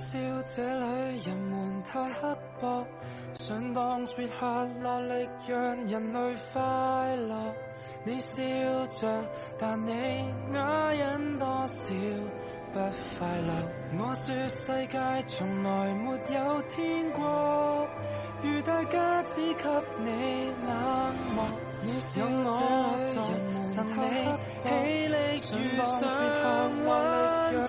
笑這裡人們太刻薄，想當說客落力讓人類快樂。你笑着，但你啞忍多少不快樂。我說世界從來沒有天國，如大家只給你冷漠。你人你起想我，說客拿力人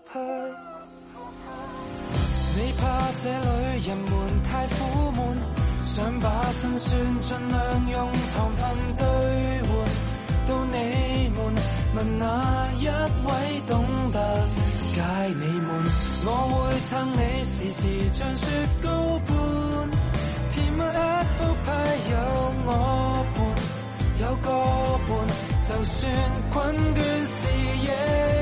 派，你怕這裏人們太苦悶，想把辛酸盡量用糖分對換。到你們問哪一位懂得解你們，我會撐你時時像雪糕般，甜蜜 apple 派有我伴，有個伴，就算困倦視野。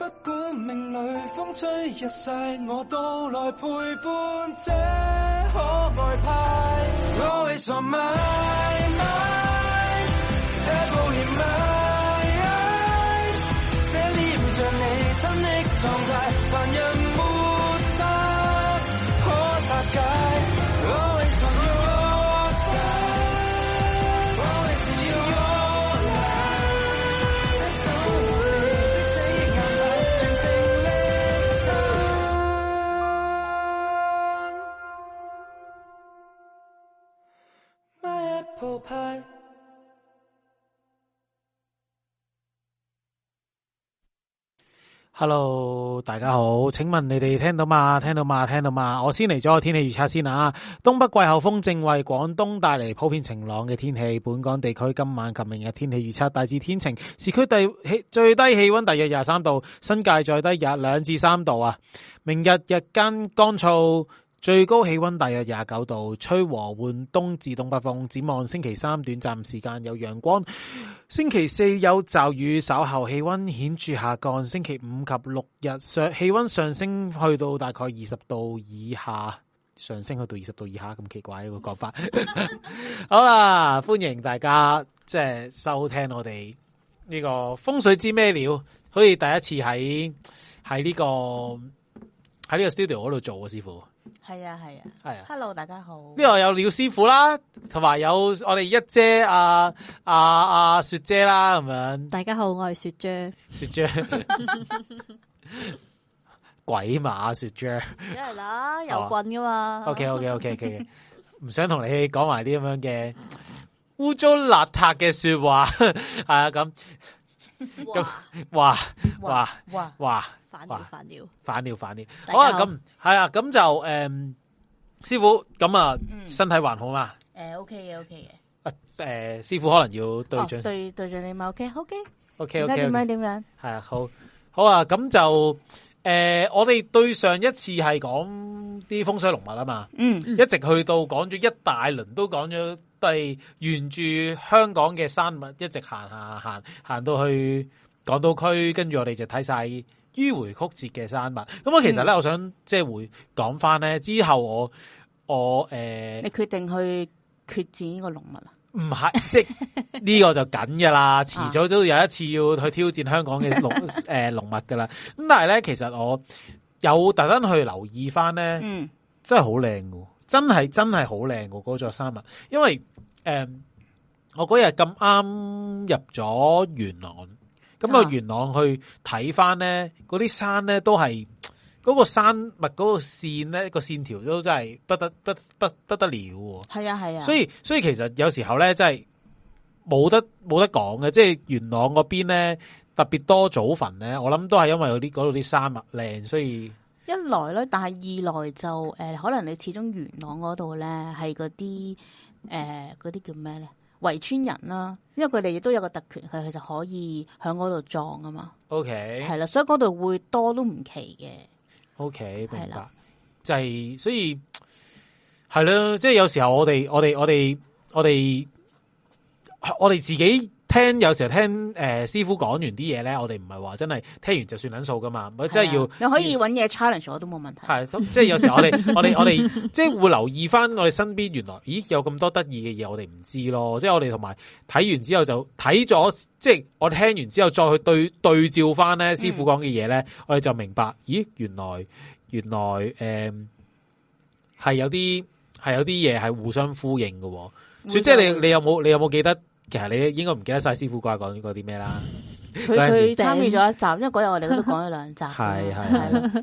不管命裏風吹日曬，我都來陪伴這可外派。 hello，大家好，請問你哋聽到嘛？聽到嘛？聽到嘛？我先嚟咗個天氣預測先啊！東北季候風正為廣東帶嚟普遍晴朗嘅天氣，本港地區今晚及明日天氣預測大致天晴，市區最低氣溫大約廿三度，新界再低日兩至三度啊！明日日間乾燥。最高氣溫大約廿九度，吹和緩東至東北風。展望星期三短暫時間有陽光，星期四有驟雨，稍後氣溫顯著下降。星期五及六日上氣溫上升，去到大概二十度以下。上升去到二十度以下咁奇怪一個講法。 好啦，歡迎大家即係收聽我哋呢個風水之咩料。好似第一次喺喺呢個喺呢個 studio 嗰度做啊，師傅。係啊，係啊，係啊，Hello，大家好。呢度有廖師傅啦，同埋有我哋一姐阿啊阿、啊啊、雪姐啦，咁樣。大家好，我係雪姐。雪姐，鬼馬雪姐。梗係啦，有棍噶嘛。 OK OK OK OK，唔 想同你講埋啲咁樣嘅污糟邋遢嘅說話，係 啊咁。哇哇哇哇哇反料反料反料反料好啊咁係啊咁就誒師傅咁啊身體還好嘛誒 OK 嘅 OK 嘅誒師傅可能要對住對對住你 OK OK OK 而家點樣點樣係啊好好啊咁就誒我哋對上一次係講啲風水龍脈啊嘛嗯一直去到講咗一大輪都講咗。都係沿住香港嘅山脈一直行行行行到去港島區，跟住我哋就睇晒迂回曲折嘅山脈。咁啊，其實咧，嗯、我想即係回講翻咧之後我我誒，呃、你決定去決戰呢個龍脈啊？唔係，即係呢、這個就緊噶啦，遲 早都有一次要去挑戰香港嘅龍誒龍脈噶啦。咁、 呃、但係咧，其實我有特登去留意翻咧，嗯，真係好靚噶。真係真係好靚喎，嗰、那、座、個、山脈，因為誒、呃，我嗰日咁啱入咗元朗，咁個元朗去睇翻咧，嗰啲山咧都係嗰、那個山脈嗰個線咧、那個線條都真係不得不不不得了喎。係啊係啊，啊所以所以其實有時候咧真係冇得冇得講嘅，即、就、係、是、元朗嗰邊咧特別多祖墳咧，我諗都係因為嗰啲度啲山脈靚，所以。一來咧，但係二來就誒、呃，可能你始終元朗嗰度咧係嗰啲誒嗰啲叫咩咧圍村人啦，因為佢哋亦都有個特權，佢佢就可以喺嗰度撞啊嘛。O K，係啦，所以嗰度會多都唔奇嘅。OK，明白，就係所以係咯，即係有時候我哋我哋我哋我哋我哋自己。聽有時候聽誒、呃、師傅講完啲嘢咧，我哋唔係話真係聽完就算撚數㗎噶嘛，唔係真係要。你可以揾嘢 challenge，我都冇問題。係， 即係有時候我哋我哋我哋即係會留意翻我哋身邊原來，咦有咁多得意嘅嘢，我哋唔知咯。即係我哋同埋睇完之後就睇咗，即係我聽完之後再去對對照翻咧師傅講嘅嘢咧，嗯、我哋就明白，咦原來原來誒係、呃、有啲係有啲嘢係互相呼應嘅。所以即係你你有冇你有冇記得？其實你應該唔記得晒師傅啩講過啲咩啦。佢佢參與咗一集，因為嗰日我哋都講咗兩集 是。係係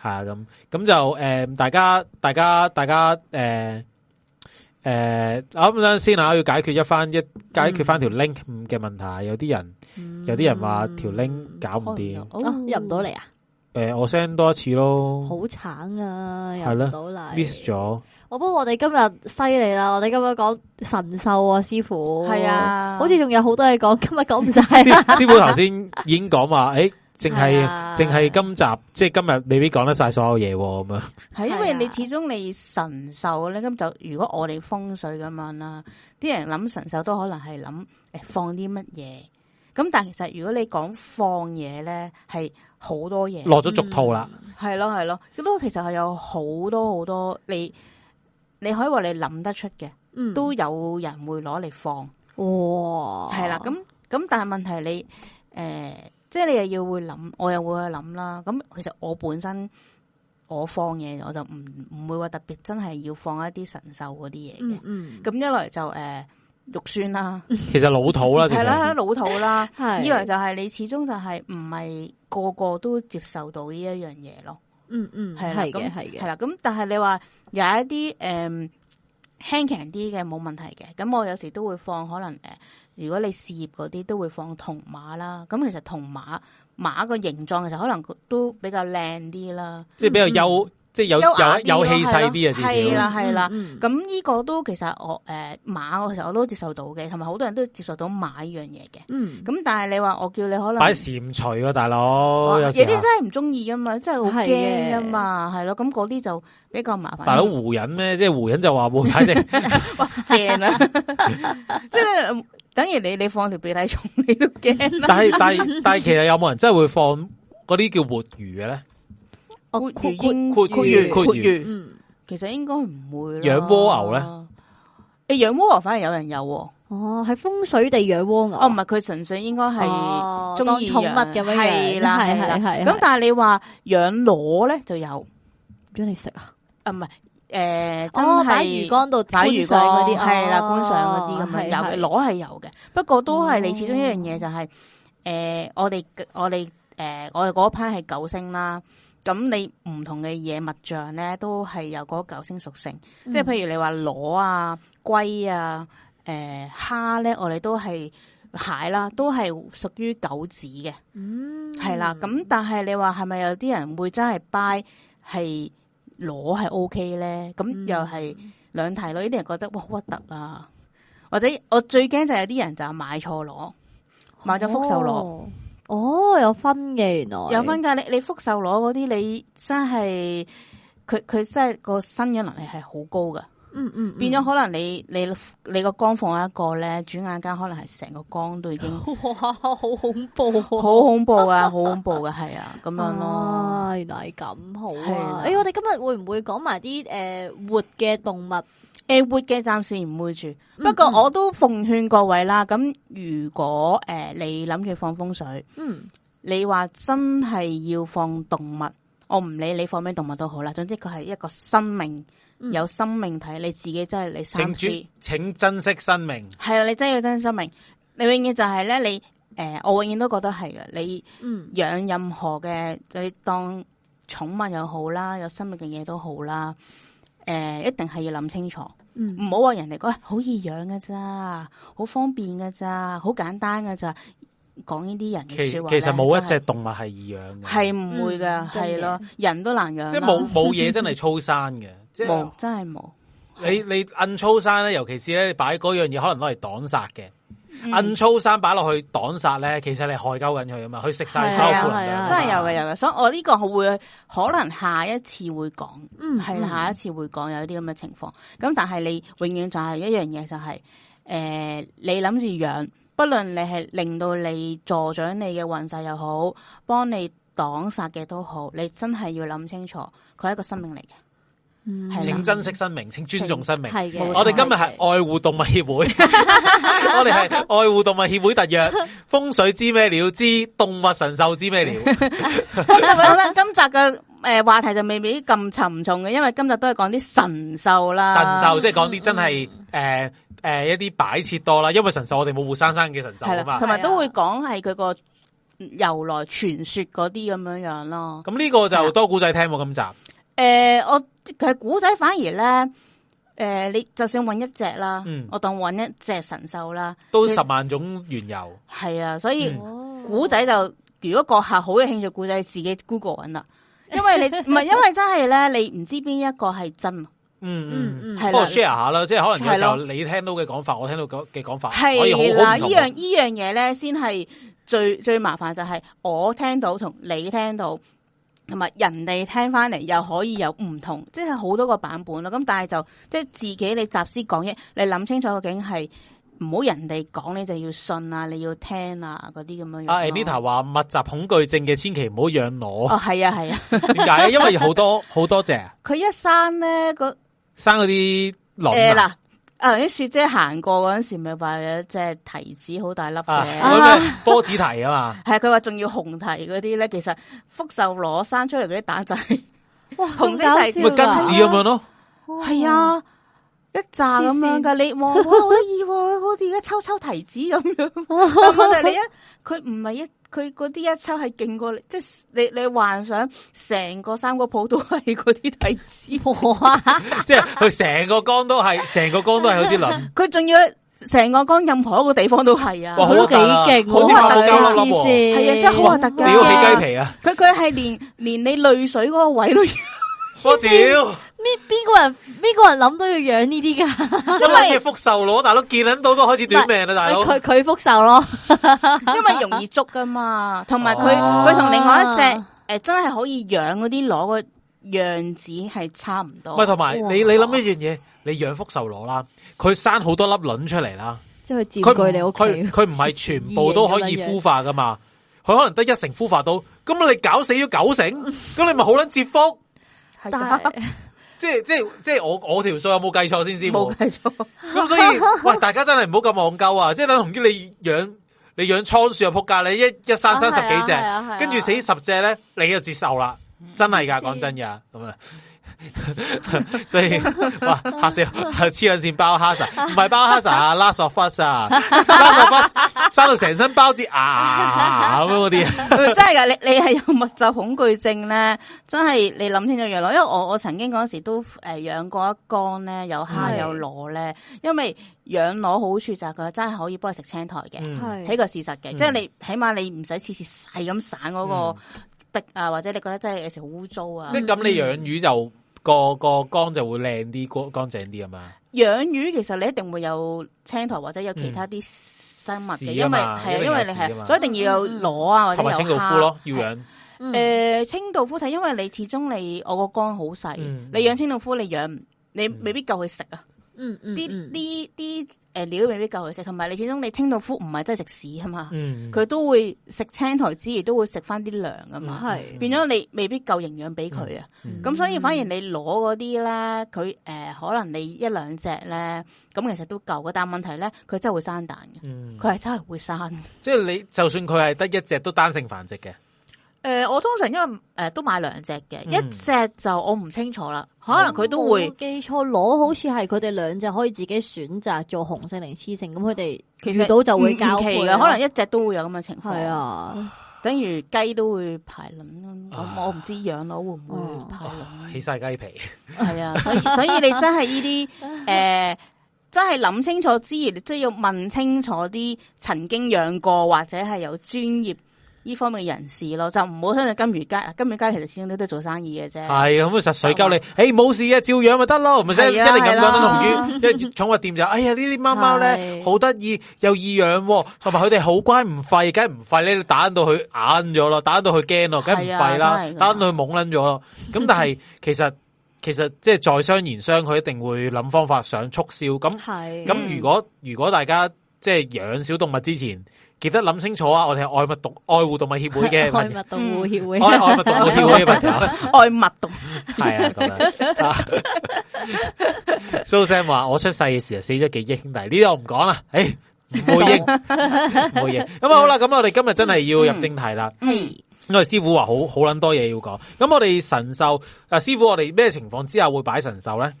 係啊，咁咁 就誒、呃，大家大家大家誒誒，我諗陣先啊？呃、我要解決一翻一解決翻條 link 嘅問題，嗯、有啲人有啲人話條 link 搞唔掂、嗯嗯哦哦啊，入唔到嚟啊！誒、呃，我 send 多一次咯。好慘啊，入唔到嚟，係咯，miss 咗。我唔，我哋今日犀利啦！我哋今日講神獸啊，師傅係是啊，好似仲有好多嘢講，今日講唔晒。師傅頭先已經講話，誒、 哎，淨係淨係今集，即係今日未必講得晒所有嘢咁、啊、樣。係是、啊、因為你始終你神獸咧，咁就如果我哋風水咁樣啦，啲人諗神獸都可能係諗誒放啲乜嘢。咁但係其實如果你講放嘢咧，係好多嘢落咗俗套啦、嗯。係咯係咯，咁都、啊、其實係有好多好多你。你可以話你諗得出嘅，都有人會攞嚟放，哇，係啦，咁咁，但係問題你，誒，即係你又要會諗，我又會去諗啦。咁其實我本身我放嘢，我就唔唔會話特別真係要放一啲神獸嗰啲嘢，嘅。嗯嗯。咁一來就誒肉酸啦，其實老土啦，係 啦，老土啦，係 的。二來就係你始終就係唔係個個都接受到呢一樣嘢咯。嗯嗯，係嘅，係嘅，係啦，咁，但係你話有一啲誒輕強啲嘅冇問題嘅，咁我有時都會放可能誒，如果你事業嗰啲都會放銅馬啦，咁其實銅馬馬個形狀其實可能都比較靚啲啦，即係比較優。嗯嗯即係有有有氣勢啲啊！係啦係啦，咁呢個都其實我誒馬，我其實我都接受到嘅，同埋好多人都接受到買呢樣嘢嘅。嗯，咁但係你話我叫你可能擺蟾蜍啊，大佬有啲真係唔中意噶嘛，真係好驚噶嘛，係咯。咁嗰啲就比較麻煩。大佬湖人咧，即係湖人就話會反正正啊，即係等於你你放條鼻涕蟲你都驚。但係但係但係，其實有冇人真係會放嗰啲叫活魚嘅咧？闊魚，闊魚，闊魚，其實應該唔會養蝸牛咧。誒，養蝸牛反而有人有哦，係風水地養蝸牛哦，唔係佢純粹應該係當寵物咁樣係啦，係啦，係咁。但係你話養螺咧就有，將你食啊？唔係誒，真係魚缸度擺魚上嗰啲係啦，觀賞嗰啲咁有嘅螺係有嘅，不過都係你始終一樣嘢就係誒，我哋我哋誒，我哋嗰一批係九星啦。咁你唔同嘅嘢物象咧，都係有嗰九星屬性，即係、嗯、譬如你話螺啊、龜啊、誒蝦咧，我哋都係蟹啦，都係屬於九子嘅，係啦、嗯。咁但係你話係咪有啲人會真係 buy 係螺係 OK 咧？咁又係兩題咯，呢啲、嗯、人覺得哇核突啊，或者我最驚就係有啲人就買錯螺，買咗福壽螺。哦哦，有分嘅，原來有分噶，你你福壽螺嗰啲，你真係佢佢真係個生養能力係好高噶、嗯，嗯嗯，變咗可能你你你個光放一個咧，轉眼間可能係成個光都已經，哇，好恐怖，好恐怖啊，好恐怖噶，係 啊，咁樣咯，原來係咁好、啊，的哎，我哋今日會唔會講埋啲誒活嘅動物？誒，活嘅暫時唔會住，不過我都奉勸各位啦。咁、嗯、如果誒、呃、你諗住放風水，嗯，你話真係要放動物，我唔理你放咩動物都好啦。總之佢係一個生命，嗯、有生命體，你自己真係你三次，請珍惜生命。係啊，你真係要珍惜生命，你永遠就係、是、咧，你誒、呃，我永遠都覺得係噶，你養任何嘅你當寵物又好啦，有生命嘅嘢都好啦。誒、呃，一定係要諗清楚，唔好話人哋講，好易養㗎咋，好方便㗎咋，好簡單㗎咋，講呢啲人嘅說話。其其實冇一隻動物係易養嘅，係唔、嗯、會嘅，係咯的，的人都難養。即係冇冇嘢真係粗生嘅， 即冇真係冇。 你你摁粗生咧，尤其是咧，你擺嗰樣嘢可能攞嚟擋殺嘅。硬操三把落去擋殺咧，其實你害鳩緊佢啊嘛，佢食晒修復能量，真係有嘅有嘅。所以我呢個會可能下一次會講，係、嗯、下一次會講有啲咁嘅情況。咁、嗯、但係你永遠就係一樣嘢，就係、是、誒、呃，你諗住養，不論你係令到你助長你嘅運勢又好，幫你擋殺嘅都好，你真係要諗清楚，佢係一個生命嚟嘅。請珍惜生命，請尊重生命。係嘅，我哋今日係愛護動物協會，我哋係愛護動物協會特約風水知咩料之動物神獸知咩料。我覺得今集嘅誒話題就微微咁沉重嘅，因為今日都係講啲神獸啦，神獸即係講啲真係誒誒一啲擺設多啦。因為神獸我哋冇活生生嘅神獸。同埋都會講係佢個由來傳說嗰啲咁樣樣咯。咁呢個就多故仔聽喎，今集。誒、呃，我其實古仔反而咧，誒、呃，你就算搵一隻啦，嗯、我當搵一隻神獸啦，都十萬種緣由。係啊，所以古仔就、哦、如果個客好有興趣古仔，自己 Google 搵啦。因為你唔係 因為真係咧，你唔知邊一個係真。嗯嗯嗯，係啦，share 下啦，即係可能有時候你聽到嘅講法，啊、我聽到嘅講法可以，係啦、啊，樣樣呢樣呢樣嘢咧，先係最最麻煩就係我聽到同你聽到。同埋人哋聽翻嚟又可以有唔同，即係好多個版本咯。咁但係就即係自己你集思廣益，你諗清楚究竟係唔好人哋講你就要信啊，你要聽啊嗰啲咁樣樣。啊，Anita 話密集恐懼症嘅，千祈唔好養我，哦，係啊，係啊，點解，啊？ 因為好多好多隻。佢一生咧，個生嗰啲螺。誒、欸，啊！啲雪姐行過嗰陣時，咪話有隻提子好大粒嘅，啊， 波子提啊嘛？係啊！ 佢話仲要紅提嗰啲咧，其實福壽螺生出嚟嗰啲蛋仔， 哇！紅色提，咪根子咁樣咯，係啊。 一紮咁樣噶，你望哇好得意喎！好似而家抽抽提子咁樣， 但係你一佢唔係一佢嗰啲一抽係勁過你，即係你你幻想成個三個鋪都係嗰啲提子啊！ 即係佢成個缸都係，成個缸都係嗰啲淋，佢仲要成個缸任何一個地方都係啊！哇，好幾勁，好核突，黐線，係啊，真係好核突嘅，你要起雞皮啊！佢佢係連連你淚水嗰個位都要，我屌。邊邊個人邊個人諗到要養呢啲噶，因為福壽螺大佬見撚到都開始短命啦，是大佬佢佢福壽咯，因為容易捉噶嘛，同埋佢佢同另外一隻誒、欸、真係可以養嗰啲螺個樣子係差唔多。喂，同埋你你諗一樣嘢，你養福壽螺啦，佢生好多粒卵出嚟啦，即係佔據你屋企，佢佢唔係全部都可以孵化噶嘛，佢可能得一成孵化到，咁你搞死咗九成，咁你咪好撚接福。是 即係即係即係我我條數有冇計錯先知？冇計錯。咁所以， 喂，大家真係唔好咁戇鳩啊！即係等同於你養你養倉鼠喺仆街，你一一生生十幾隻，跟住、啊啊啊啊、死十隻咧，你就接受啦。真係噶，講真嘅，咁啊。 所以哇，嚇死黐線包蝦唔係包蝦啊，拉索夫蛇，拉索夫生到成身包隻牙嗰啲，真係噶！你你係有密集恐懼症咧？真係你諗清楚養咯，因為我我曾經嗰時都誒養、呃、過一缸咧，有蝦有螺咧的，因為養螺好處就係佢真係可以幫你食青苔嘅，係係個事實嘅，的嗯、即係你起碼你唔使次次係咁散嗰個壁啊，嗯、或者你覺得真係有時好污糟啊，即係咁你養魚就。嗯個個缸就會靚啲，乾乾淨啲啊嘛！養魚其實你一定會有青苔或者有其他啲生物嘅，嗯、因為係啊，因為你係，你嗯、所以一定要有螺啊或者有有清道夫咯，要養。誒、嗯、呃、清道夫睇，因為你始終你我個缸好細，嗯、你養清道夫，你養你未必夠佢食啊。嗯嗯，啲啲啲。誒料未必夠佢食，同埋你始終你清道夫唔係真係食屎啊嘛，佢、嗯、都會食青苔之餘都會食翻啲糧啊嘛，是變咗你未必夠營養俾佢啊，咁、嗯、所以反而你攞嗰啲咧，佢、呃、可能你一兩隻咧，咁其實都夠嘅，但、那個、問題咧佢真係會生蛋嘅，佢係真係會生。即係你就算佢係得一隻都單性繁殖嘅。誒、呃，我通常因為誒、呃、都買兩隻嘅，一隻就我唔清楚啦，嗯、可能佢都會記錯。攞好似係佢哋兩隻可以自己選擇做雄性定雌性，咁佢哋其實到就會交配啦。可能一隻都會有咁嘅情況。係啊，唉等於雞都會排卵啦咁、啊、我唔知養鳥會唔會排卵，啊啊啊、起晒雞皮。係啊，所以所以,所以你真係呢啲誒，真係諗清楚之餘，即係要問清楚啲曾經養過或者係有專業。呢方面嘅人士咯，就唔好相信金魚街啊！金魚街其實始終都都係做生意嘅啫。係啊，咁咪實水鳩你，誒冇、欸、事啊，照就了樣咪得咯，咪即魚 一定咁樣都紅專。因為寵物店就，哎呀貓貓呢啲貓貓咧好得意，又易養，同埋佢哋好乖，唔吠，梗係唔吠。你打到佢硬咗咯，打到佢驚咯，梗係唔吠啦，打到佢懵捻咗咯。咁但係其實其實即係在商言商，佢一定會諗方法想促銷。咁咁的如果如果大家即係養小動物之前。記得諗清楚啊！我哋係愛物動愛護動物協會嘅。愛物動物協會，愛物動物協會咪就係愛物動。係啊，蘇生話我出世嘅時候死咗幾億兄弟，呢啲我唔講啦。誒，冇益冇益。咁啊好啦，咁我哋今日真係要入正題啦。係，因為師傅話好好捻多嘢要講。咁我哋神獸啊，師傅，我哋咩情況之下會擺神獸咧？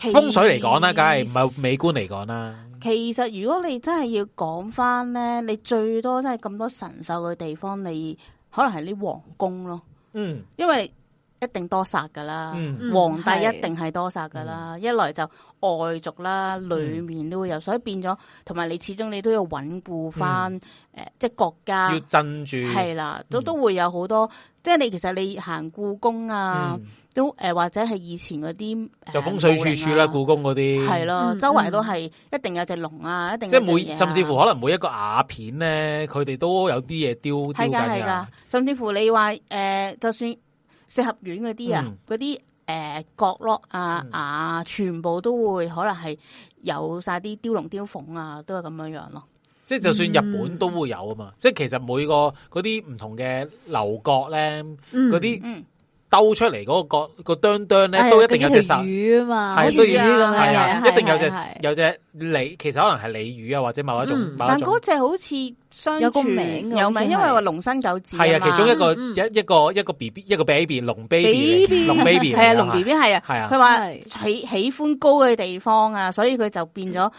風水嚟講啦，梗係唔係美觀嚟講啦。其實如果你真係要講翻咧，你最多真係咁多神獸嘅地方，你可能係啲皇宮咯。嗯，因為一定多殺噶啦，嗯、皇帝一定係多殺噶啦，嗯、一來就外族啦，嗯、裡面都會有，所以變咗同埋你始終你都要穩固翻，誒、嗯呃，即係國家要鎮住。係啦，都、嗯、都會有好多，即係你其實你行故宮啊。嗯都誒，或者係以前嗰啲就風水處處啦，故宮嗰啲係咯，周圍都係一定有隻龍啊，一定即係每甚至乎可能每一個瓦片咧，佢哋都有啲嘢雕雕緊嘅。甚至乎你話誒，就算四合院嗰啲啊，嗰啲誒角落啊瓦全部都會可能係有晒啲雕龍雕鳳啊，都係咁樣樣咯。即係就算日本都會有啊嘛，即係其實每個嗰啲唔同嘅樓閣咧，嗰啲嗯。勾出嚟嗰個角個哚哚咧，都一定有隻魚啊嘛，係魚咁，係啊，一定有隻有隻鯉，其實可能係鯉魚啊，或者某一種，但嗰隻好似有個名，有名，因為話龍生九子係啊，其中一個一一個一個 B B 一個 Baby 龍 Baby 龍 Baby 係啊，龍 Baby 係啊，佢話喜喜歡高嘅地方啊，所以佢就變咗。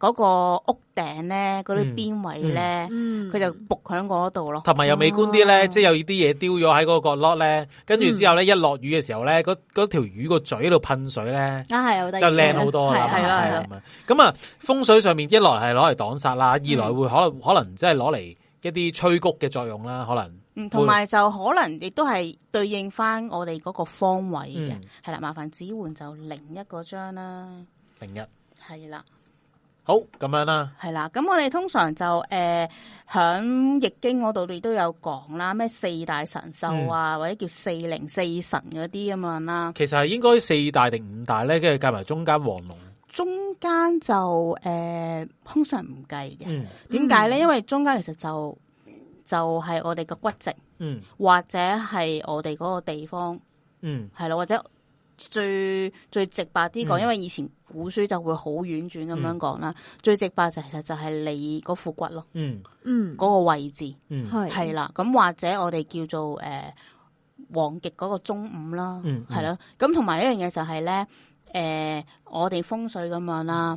嗰個屋頂咧，嗰啲邊位咧，佢就仆喺嗰度咯。同埋又美觀啲咧，即係有啲嘢丟咗喺嗰個角落咧，跟住之後咧，一落雨嘅時候咧，嗰嗰條魚個嘴喺度噴水咧，啊係，就靚好多啦。係啦，咁啊，風水上面一來係攞嚟擋煞啦，二來會可能可能即係攞嚟一啲催谷嘅作用啦，可能。同埋就可能亦都係對應翻我哋嗰個方位嘅，係啦。麻煩只煥就另一嗰張啦，另一係啦。好，咁樣啦，係啦，咁我哋通常就誒響、呃、易經嗰度你都有講啦，咩四大神獸啊，嗯、或者叫四靈四神嗰啲咁樣啦。其實係應該四大定五大咧，跟住計埋中間黃龍。中間就誒、呃、通常唔計嘅，嗯，點解咧？嗯、因為中間其實就就係、是、我哋個骨節，嗯，或者係我哋嗰個地方，嗯，係啦，或者。最最直白啲講，因為以前古書就會好婉轉咁樣講啦。嗯、最直白就其實就係你嗰副骨咯，嗯嗯，嗰個位置係係啦。咁或者我哋叫做誒黃極嗰個中午啦，係啦。咁同埋一樣嘢就係、是、咧，誒、呃、我哋風水咁樣啦。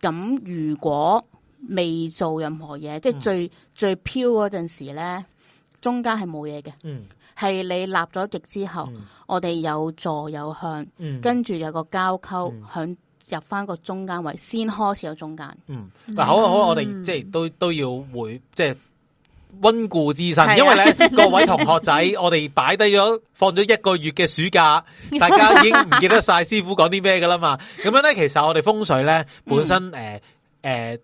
咁如果未做任何嘢，嗯、即係最最飄嗰陣時咧。中間係冇嘢嘅。係、嗯、你立咗極之後，嗯、我哋有坐有向，嗯、跟住有個交溝響、嗯、入翻個中間位先開始有中間。嗯，嗱好，好，我哋即係都都要回，即係溫故知新，自身啊、因為咧各位同學仔， 我哋擺低咗放咗一個月嘅暑假，大家已經唔記得晒師傅講啲咩噶啦嘛。咁 樣咧，其實我哋風水咧本身誒誒、呃呃、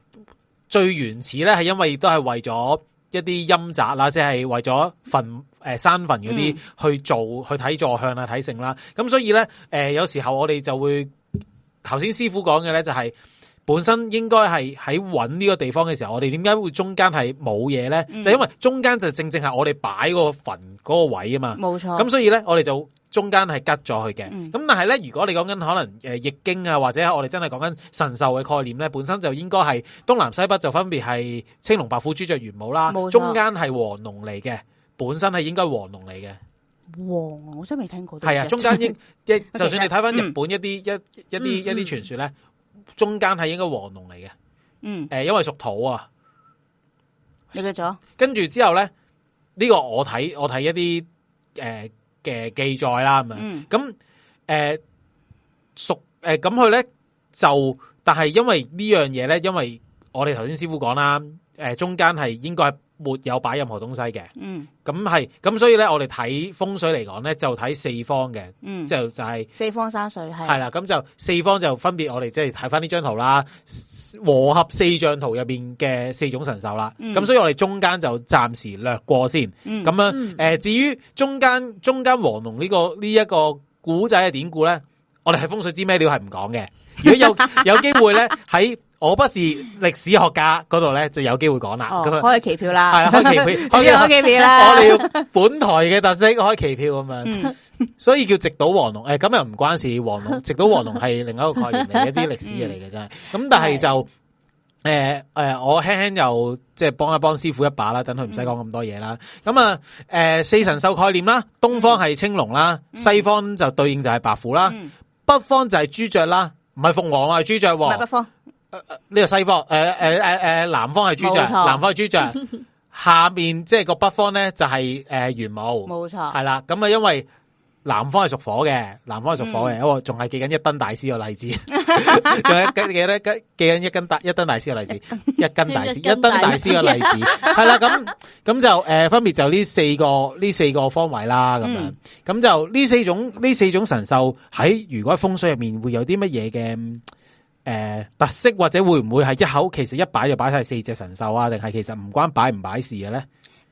最原始咧係因為都係為咗。一啲陰宅啦，即係為咗墳誒山墳嗰啲去做去睇坐向啦、睇性啦，咁所以咧誒、呃，有時候我哋就會頭先師傅講嘅咧，就係本身應該係喺搵呢個地方嘅時候，我哋點解會中間係冇嘢咧？嗯、就因為中間就正正係我哋擺個墳嗰個位啊嘛，冇錯錯。咁所以咧，我哋就。中間係吉咗佢嘅，咁、嗯、但係咧，如果你講緊可能誒、呃、易經啊，或者我哋真係講緊神獸嘅概念咧，本身就應該係東南西北就分別係青龍白虎朱雀玄武啦，錯中間係黃龍嚟嘅，本身係應該黃龍嚟嘅。黃龍，我真係未聽過。係啊，中間應的就算你睇翻日本一啲 一一啲一啲、嗯、傳說咧，中間係應該黃龍嚟嘅。嗯。誒，因為屬土啊。你記咗跟住之後咧，呢、呢個我睇我睇一啲誒。呃嘅記載啦，咁樣，咁誒屬誒，咁佢咧就，但係因為呢樣嘢咧，因為我哋頭先師傅講啦，誒中間係應該係沒有擺任何東西嘅，嗯，咁係，咁所以咧我哋睇風水嚟講咧就睇四方嘅，嗯，就就係四方山水係，係啦，咁就四方就分別我哋即係睇返呢張圖啦。和合四象圖入邊嘅四種神獸啦，咁、嗯、所以我哋中間就暫時略過先，咁樣誒，嗯嗯、至於中間中間黃龍呢個呢一、這個古仔嘅典故咧，我哋係風水之咩料係唔講嘅，如果有有機會咧喺。我不是歷史學家，嗰度咧就有機會講啦。咁啊、哦，開期票啦，係啦、嗯，開期票，開票啦。票 我哋要本台嘅特色開旗，開期票咁樣。所以叫直搗黃龍。誒、欸，咁又唔關事。 直搗黃龍直搗黃龍係另一個概念，嘅，一啲歷史嚟嘅真咁但係就誒誒的、呃，我輕輕又即係幫一幫師傅一把啦，等佢唔使講咁多嘢啦。咁啊、嗯，誒、呃、四神獸概念啦，東方係青龍啦，西方就對應就係白虎啦，嗯、北方就係朱雀啦，唔係鳳凰啊，係朱雀喎，雀北方。呢個、啊啊、西方，誒誒誒誒，南方係朱雀，錯南方係朱雀， 下面即係個北方咧就係誒玄武。冇、呃、錯，係啦。咁啊錯，因為南方係屬火嘅，南方係屬火嘅，嗯、我仲係記緊一燈大師個例子，仲 記記記記緊一燈大一燈大師個 例子， 一燈大師一燈大師個例子，係啦， 咁咁就誒、呃、分別就呢四個呢四個方位啦，咁、嗯、樣，咁就呢四種呢四種神獸喺如果風水入面會有啲乜嘢嘅？誒、呃，特色或者會唔會係一口其實一擺就擺晒四隻神獸啊？定係其實唔關擺唔擺事嘅咧？誒、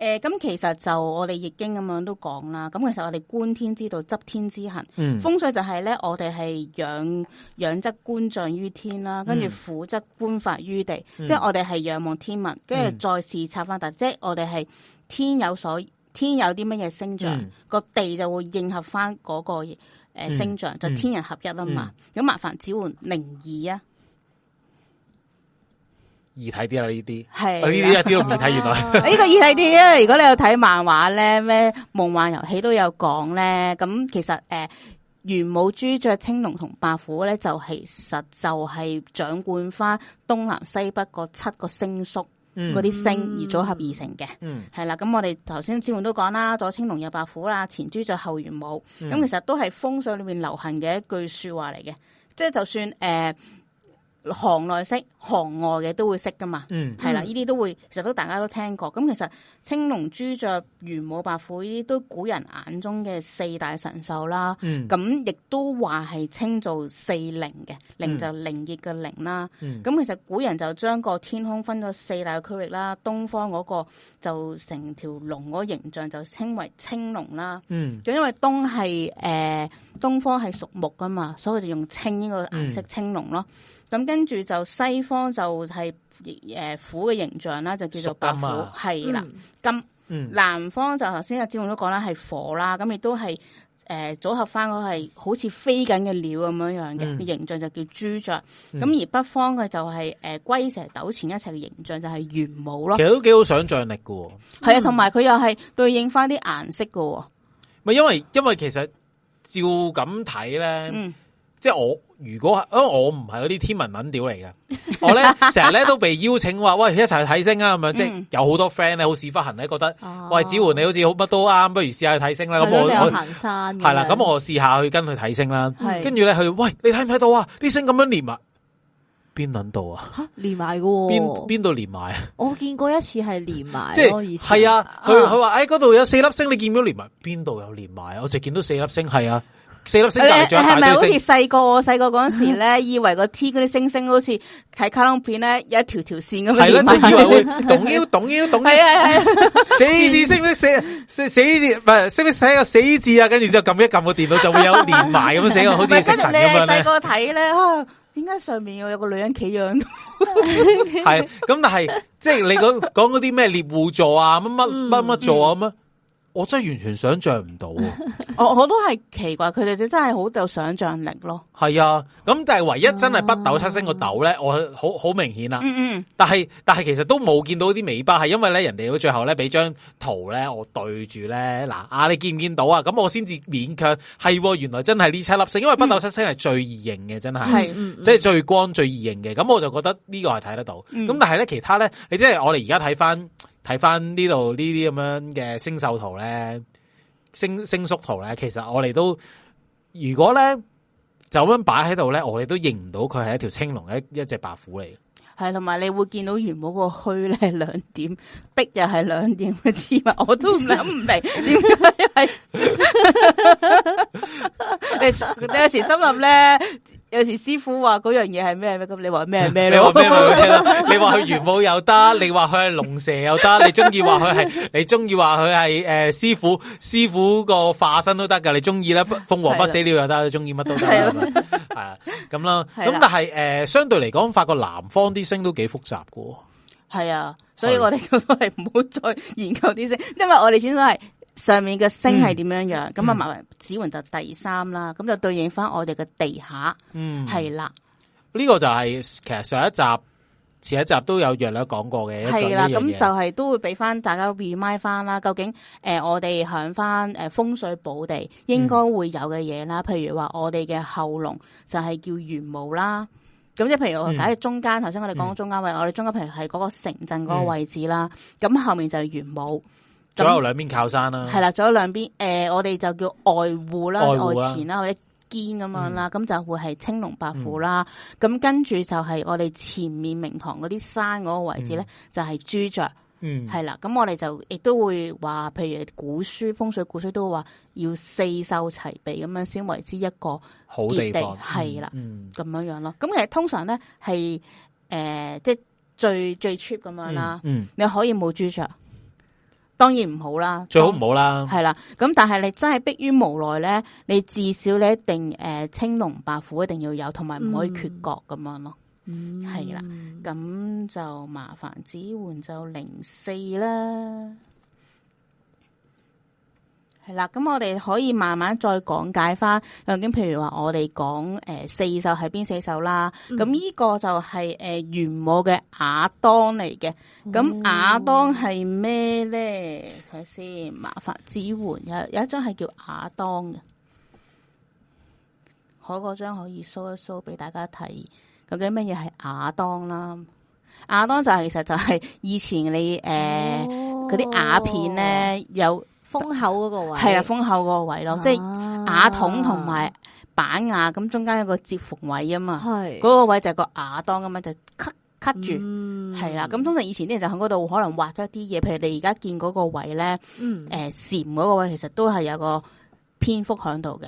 呃，咁其實就我哋易經咁樣都講啦。咁其實我哋觀天之道，執天之行。嗯、風水就係咧，我哋係仰仰則觀象於天啦，跟住俯則觀法於地。嗯、即係我哋係仰望天文，跟住再視察翻，嗯、即係我哋係天有所。天有啲乜嘢星象，個、嗯、地就會應合翻嗰個誒星象，嗯、就天人合一啦、嗯、嘛。咁、嗯、麻煩，只換靈異啊，易睇啲啊呢啲，係呢啲一啲都唔易睇原來、啊。呢 個易睇啲啊，如果你有睇漫畫咧，咩夢幻遊戲都有講咧。咁其實誒，玄、呃、武朱雀青龍同白虎咧，就其實就係掌管翻東南西北個七個星宿。嗰啲、嗯、星而組合而成嘅、嗯，係、嗯、啦，咁我哋頭先志門都講啦，左青龍右白虎啦，前朱雀後玄武，咁、嗯、其實都係風水裏面流行嘅一句説話嚟嘅，即、就、係、是、就算誒。呃行內識、行外嘅都會識噶嘛，係啦、嗯，呢啲都會，其實都大家都聽過。咁其實青龍、朱雀、玄武、白虎呢啲都古人眼中嘅四大神獸啦。咁亦、嗯、都話係稱做四靈嘅，靈就靈結嘅靈啦。咁、嗯、其實古人就將個天空分咗四大區域啦，東方嗰個就成條龍，嗰個形象就稱為青龍啦。咁、嗯、因為東係誒、呃、東方係屬木噶嘛，所以就用青呢個顏色，青龍咯。嗯咁跟住就西方就係誒虎嘅形象啦，就叫做白虎，係啦。金，嗯。南方就頭先阿招勇都講啦，係火啦，咁亦都係誒組合翻嗰係好似飛緊嘅鳥咁樣樣嘅形象，就叫朱雀。咁而北方嘅就係、是、誒、呃、龜蛇糾纏一齊嘅形象就，就係玄武咯。其實都幾好想象力嘅，係啊的，同埋佢又係對應翻啲顏色㗎喎。係因為因為其實照咁睇咧。嗯即係我如果，因為我唔係嗰啲天文粉屌嚟嘅， 我咧成日咧都被邀請話喂，一齊去睇星啊咁樣，即係、嗯、有好多 friend 咧，好屎忽痕咧覺得、哦、喂，子煥你好似好乜都啱，不如試下去睇星啦。咁我，我行山係啦，咁我試下去跟佢睇星啦。跟住咧佢呢：「喂，你睇唔睇到啊？啲星咁樣連埋邊諗到啊？吓連埋嘅邊邊度連埋啊？啊啊啊我見過一次係連埋，即係係啊。佢佢話哎嗰度有四粒星，你見唔到連埋邊度有連埋？我就見到四粒星係啊。四粒星係咪好似細個？我細個嗰陣時咧，以為個天嗰啲星星好似睇卡通片咧，有一條條線咁樣連埋咁樣係以為會動腰動腰、動腰。係啊係啊，死字識唔識寫，寫死字，唔係的，識唔識寫？寫個死字啊，跟住之後撳一撳個電腦，就會有連埋咁 樣寫個好似食神唔係，是你係細個睇咧，啊，點解上面要有個女人企樣？係 咁但係即係你講嗰啲咩獵戶座啊，乜乜乜乜座啊，乜、嗯？嗯我真係完全想象唔到 我，我我都係奇怪，佢哋真係好有想象力咯。係啊，咁但係唯一真係北斗七星個斗咧，我好好明顯啦。嗯嗯，但，但係但係其實都冇見到啲尾巴，係因為咧人哋到最後咧俾張圖咧，我對住咧嗱，啊，你見唔見到啊？咁我先至勉強係、啊，原來真係呢七粒星，因為北斗七星係最易認嘅，真係，係即係最光最易認嘅。咁我就覺得呢個係睇得到。咁、嗯嗯、但係咧，其他咧，你即係我哋而家睇翻。睇翻呢度呢啲咁樣嘅星宿圖咧，星星宿圖咧，其實我哋都如果咧就咁樣擺喺度咧，我哋都認唔到佢係一條青龍一一隻白虎嚟。係同埋你會見到原本個虛咧兩點，壁又係兩點，黐埋我都諗唔明點解係。你有時心諗咧，有時師傅話嗰樣嘢係咩咩，咁你話咩咩，你話咩，你話佢玄武又得，你話佢係龍蛇又得，你中意話佢係，你中意話佢係誒師傅，師傅個化身都得噶，你中意啦，鳳凰不死鳥又得，你中意乜都得係啊，咁咯。咁對了 但係誒、呃、相對嚟講，發覺南方啲聲都幾複雜噶。係啊，所以我哋都係唔好再研究啲聲，因為我哋始終係。上面嘅星係點樣樣，咁啊、嗯，埋紫雲就第三啦，咁就對應翻我哋嘅地下，係啦、嗯。呢了個就係其實上一集、前一集都有約略講過嘅，係啦的。咁、嗯、就係都會俾翻大家 remind 翻啦。究竟誒，我哋響翻誒風水寶地應該會有嘅嘢啦，嗯、譬如話我哋嘅後龍就係叫玄武啦。咁即係譬如我假設中間，頭先、嗯、我哋講中間位，嗯、我哋中間譬如係嗰個城鎮嗰個位置啦，咁、嗯、後面就係玄武。左右兩邊靠山啦，係啦，左右兩邊誒，我哋就叫外戶啦、外前啦或者肩咁樣啦，咁就會係青龍白虎啦。咁跟住就係我哋前面明堂嗰啲山嗰個位置咧，就係朱雀。嗯，係啦，咁我哋就亦都會話，譬如古書風水古書都會話，要四獸齊備咁樣先為之一個好地方。係啦，咁樣樣咯。咁其實通常咧係誒，即係最最 cheap 咁樣啦。嗯，你可以冇朱雀。當然唔好啦，最好唔好啦，係啦。咁但係你真係迫於無奈咧，你至少你一定誒、呃、青龍白虎一定要有，同埋唔可以缺角咁樣咯。係、嗯、啦，咁就麻煩，只換就零四啦。係啦，咁、嗯、我哋可以慢慢再講解翻究竟，譬如話我哋講誒四首係邊四首啦。咁呢個就係誒玄武嘅瓦當嚟嘅。咁瓦當係咩咧？睇先，麻煩支援有有一張係叫瓦當嘅，可嗰張可以 show 一 show 俾大家睇。究竟咩嘢係瓦當啦？瓦當就係、是、其實就係以前你誒嗰啲瓦片咧有。封口嗰個位係啊，封口嗰個位咯，即係瓦筒同埋板瓦咁中間有個接縫位啊嘛，嗰是個位就係個瓦當咁樣就 cut cut 住，係啦。咁、嗯、通常以前啲人就喺嗰度可能畫咗一啲嘢，譬如你而家見嗰個位咧，誒、嗯，蟬嗰、呃、個位其實都係有個蝙蝠響度嘅。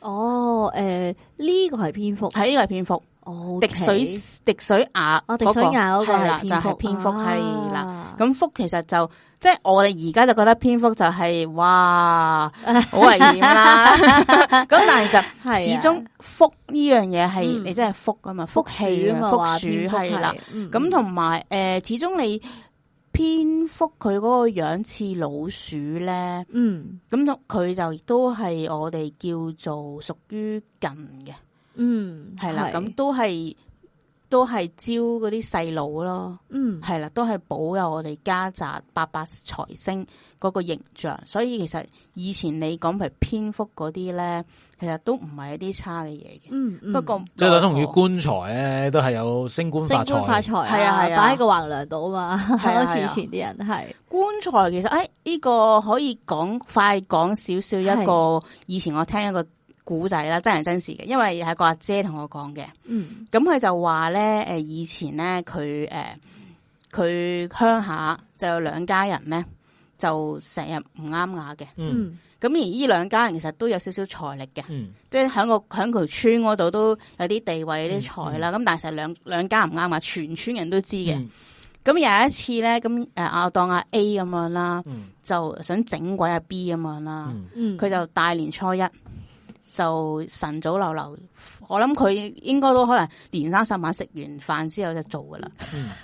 哦，誒、呃，呢個係蝙蝠，係呢個係蝙蝠。哦，滴水滴水鴨，哦滴水鴨個啦，就係蝙蝠係啦。咁蝠其實就即係我哋而家就覺得蝙蝠就係哇好危險啦。咁但係其實始終蝠呢樣嘢係你真係福噶嘛，福氣啊，福鼠係啦。咁同埋誒，始終你蝙蝠佢嗰個樣似老鼠咧，嗯，咁佢就都係我哋叫做屬於近嘅。嗯，係啦，咁是都係都係招嗰啲細佬咯。嗯，係啦，都係保佑我哋家宅八百財星嗰個形象。所以其實以前你講譬如蝙蝠嗰啲咧，其實都唔係一啲差嘅嘢嘅。嗯，不過即係等同於棺材咧，都係有升官發財，發財，係啊，係擺喺個橫梁度啊嘛。係啊， 以前啲人係、啊啊、是棺材，其實誒呢、哎這個可以講快講少少一個。啊、以前我聽一個。古仔啦，真人真事嘅，因為係個阿姐同我講嘅。嗯，咁佢就話咧，誒，以前咧，佢誒，佢、呃、鄉下就有兩家人咧，就成日唔啱牙嘅。嗯，咁而呢兩家人其實都有少少財力嘅、嗯嗯。嗯，即係響個響條村嗰度都有啲地位、有啲財啦。咁但係成兩兩家唔啱啊，全村人都知嘅。咁、嗯、有一次咧，咁誒，阿、呃、當阿 A 咁樣啦，嗯、就想整鬼阿 B 咁樣啦。嗯，佢就大年初一，就晨早流流，我諗佢應該都可能年三十晚食完飯之後就做噶啦，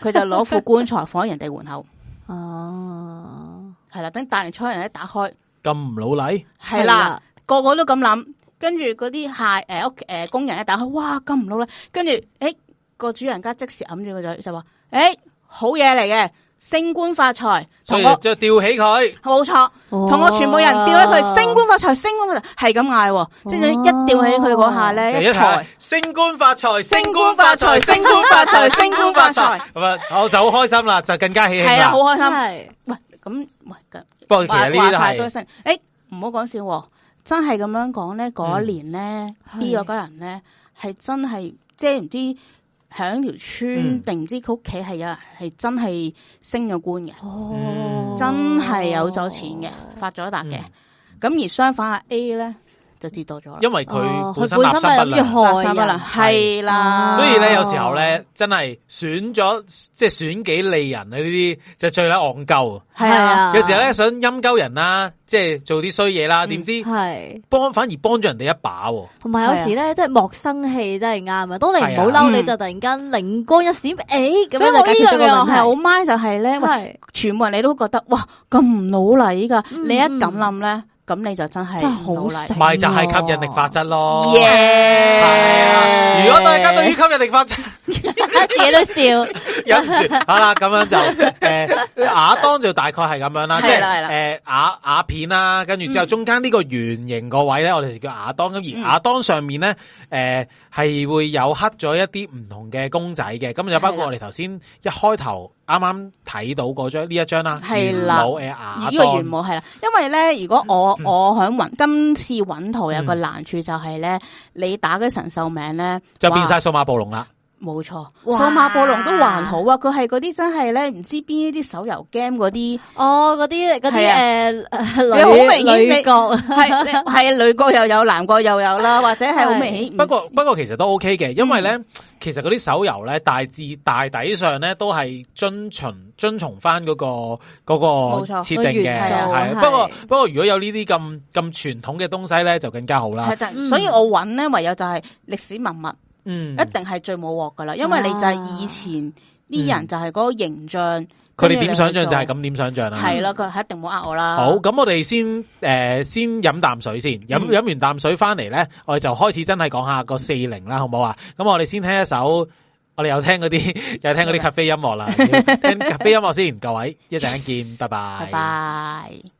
佢、嗯、就攞副棺材放喺人哋門口，哦、 啊，係啦，等大年初一人一打開，咁唔老禮，係啦的，個個都咁諗，跟住嗰啲鞋誒屋誒工人一打開，哇咁唔老禮？跟住誒個主人家即時掩住個嘴就話，誒、欸、好嘢嚟嘅。升官發財，同我就吊起佢。冇錯，同我全部人吊起佢升官發財，升官發財係咁嗌，即係一吊起佢嗰下咧。一升官發財，升官發財，升官發財，升官發財。咁啊，好就好開心啦，就更加起勁係係啊，好開心。喂，咁喂，咁話話太多聲。誒，唔好講笑，真係咁樣講咧，嗰年咧呢個人咧係真係遮唔知。響條村，定唔知佢屋企係啊，係、哦、真係升咗官嘅，真係有咗錢嘅，發咗達嘅。咁、嗯、而相反阿 A 咧。就知道咗，因為佢本身立心不良，係啦。所以咧，有時候咧，真係選咗即係選幾利人啊！呢啲就最撚戇鳩啊！係啊，有時候咧想陰鳩人啦，即係做啲衰嘢啦，點知幫反而幫咗人哋一把。同埋有時咧，即係莫生氣，真係啱啊！當你唔好嬲，你就突然間靈光一閃，誒，所以我呢樣係我媽就係咧，全部人你都覺得哇咁唔努力噶，你一咁諗咧。咁你就真係好叻，唔係就係吸引力法則咯 Yeah。係啊，如果大家對於吸引力法則， 自己都笑， 忍唔住。好啦，咁樣就誒，瓦、呃、當就大概係咁樣啦，即係誒，瓦、呃、瓦片啦，跟住之後中間呢個圓形個位咧，我哋就叫瓦當咁，而瓦當上面咧，誒、呃。係會有黑咗一啲唔同嘅公仔嘅，咁就包括我哋頭先一開頭啱啱睇到嗰張呢一張啦，的元武誒，呢個元武係啦，因為咧，如果我我響搵，今次搵圖有個難處就係咧，你打啲神獸名咧，嗯、哇就變晒數碼暴龍啦。冇錯，數碼暴龍都還好啊，佢係嗰啲真係咧，唔知邊一啲手遊 game 嗰啲，哦，嗰啲、嗰啲誒，你好明顯女角係係女角又有男角又有啦，或者係好明顯。不過不過其實都 OK 嘅，因為咧其實嗰啲手遊咧大致、大底上咧都係遵循、遵從翻嗰個嗰個設定嘅，係。不過不過如果有呢啲咁咁傳統嘅東西咧，就更加好啦。所以我揾咧唯有就係歷史文物。嗯，一定係最冇鑊噶啦，因為你就係以前呢人就係嗰個形象，佢哋點想象就係咁點想象啦、啊。係啦，佢係一定冇呃我啦。好，咁我哋先誒、呃，先飲啖水先，飲飲、嗯、完啖水翻嚟咧，我哋就開始真係講下個四零啦，好唔好啊？咁我哋先聽一首，我哋又聽嗰啲 又聽嗰啲咖啡音樂啦， 聽咖啡音樂先。各位，一陣間見，yes, 拜拜。拜拜。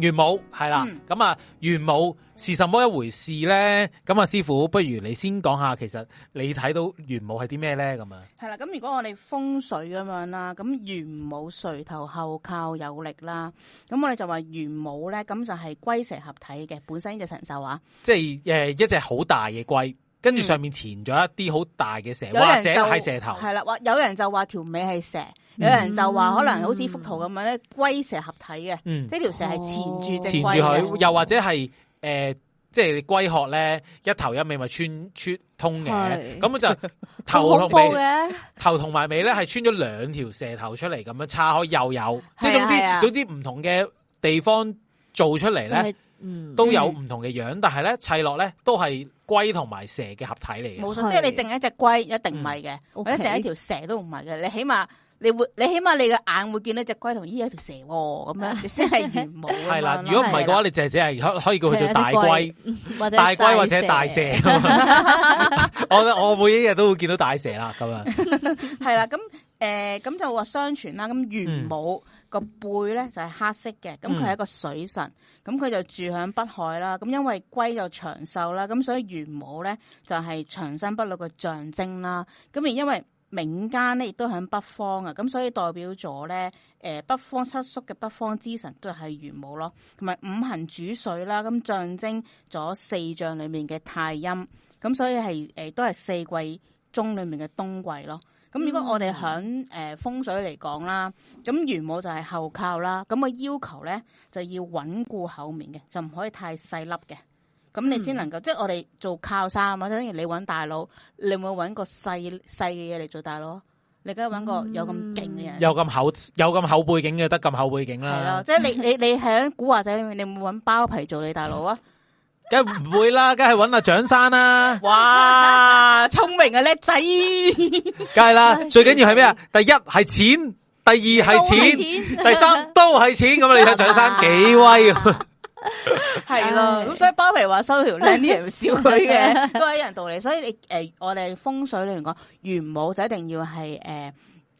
玄武係啦，咁啊，玄武，嗯，是什麼一回事咧？咁啊，師傅，不如你先講下，其實你睇到玄武係啲咩咧？咁啊，係啦，咁如果我哋風水咁樣啦，咁玄武垂頭後靠有力啦，咁我哋就話玄武咧，咁就係龜蛇合體嘅，本身就神獸啊，即係誒，一隻好大嘅龜。跟住上面纏咗一啲好大嘅蛇，或者係蛇頭。係啦，或有人就話條尾係蛇，有人就話可能好似幅圖咁樣咧，龜蛇合體嘅。嗯，即條蛇係纏住隻龜。纏住佢，又或者係誒，即係龜殼咧，一頭一尾咪穿穿通嘅。咁啊就頭同尾，頭同埋尾咧係穿咗兩條蛇頭出嚟，咁樣叉開又有。即係總之，總之唔同嘅地方做出嚟咧。都有唔同嘅樣，但係咧，砌落咧都係龜同埋蛇嘅合體嚟嘅。冇錯，即係你淨係一隻龜一定唔係嘅，或者淨係一條蛇都唔係嘅。你起碼你會，你起碼你嘅眼會見到隻龜同依一條蛇咁樣，你先係玄武。係啦，如果唔係嘅話，你淨係只係可可以叫佢做大龜，大龜或者大蛇。我我每一日都會見到大蛇啦，咁樣。係啦，咁誒，咁就話相傳啦，咁玄武個背咧就係黑色嘅，咁佢係一個水神。咁佢就住喺北海啦，咁因為龜就長壽啦，咁所以玄武咧就係長生不老嘅象徵啦。咁而因為冥間咧亦都喺北方啊，咁所以代表咗咧誒北方七宿嘅北方之神都係玄武咯，同埋五行主水啦，咁象徵咗四象裏面嘅太陰，咁所以係誒都係四季中裏面嘅冬季咯。咁、嗯嗯、如果我哋響誒風水嚟講啦，咁玄武就係後靠啦，咁個要求咧，就要穩固後面嘅，就唔可以太細粒嘅，咁你先能夠、嗯、即係我哋做靠山啊，等於你搵大佬，你會唔會搵個細細嘅嘢，嚟做大佬？你梗係搵個有咁勁嘅，有咁厚有咁厚背景嘅，得咁厚背景啦。係咯，即係你你你響古惑仔裏面，你會唔會搵包皮做你大佬啊？嗯梗唔會啦，梗係揾阿蔣生啦。哇，聰明嘅叻仔，梗係啦。最緊要係咩啊？第一係錢，第二係錢，第三都係錢。咁你睇蔣生幾威？係咯，咁所以包皮話收條靚啲人笑佢嘅，都係一樣道理。所以你誒，我哋風水裏面講，玄武就一定要係誒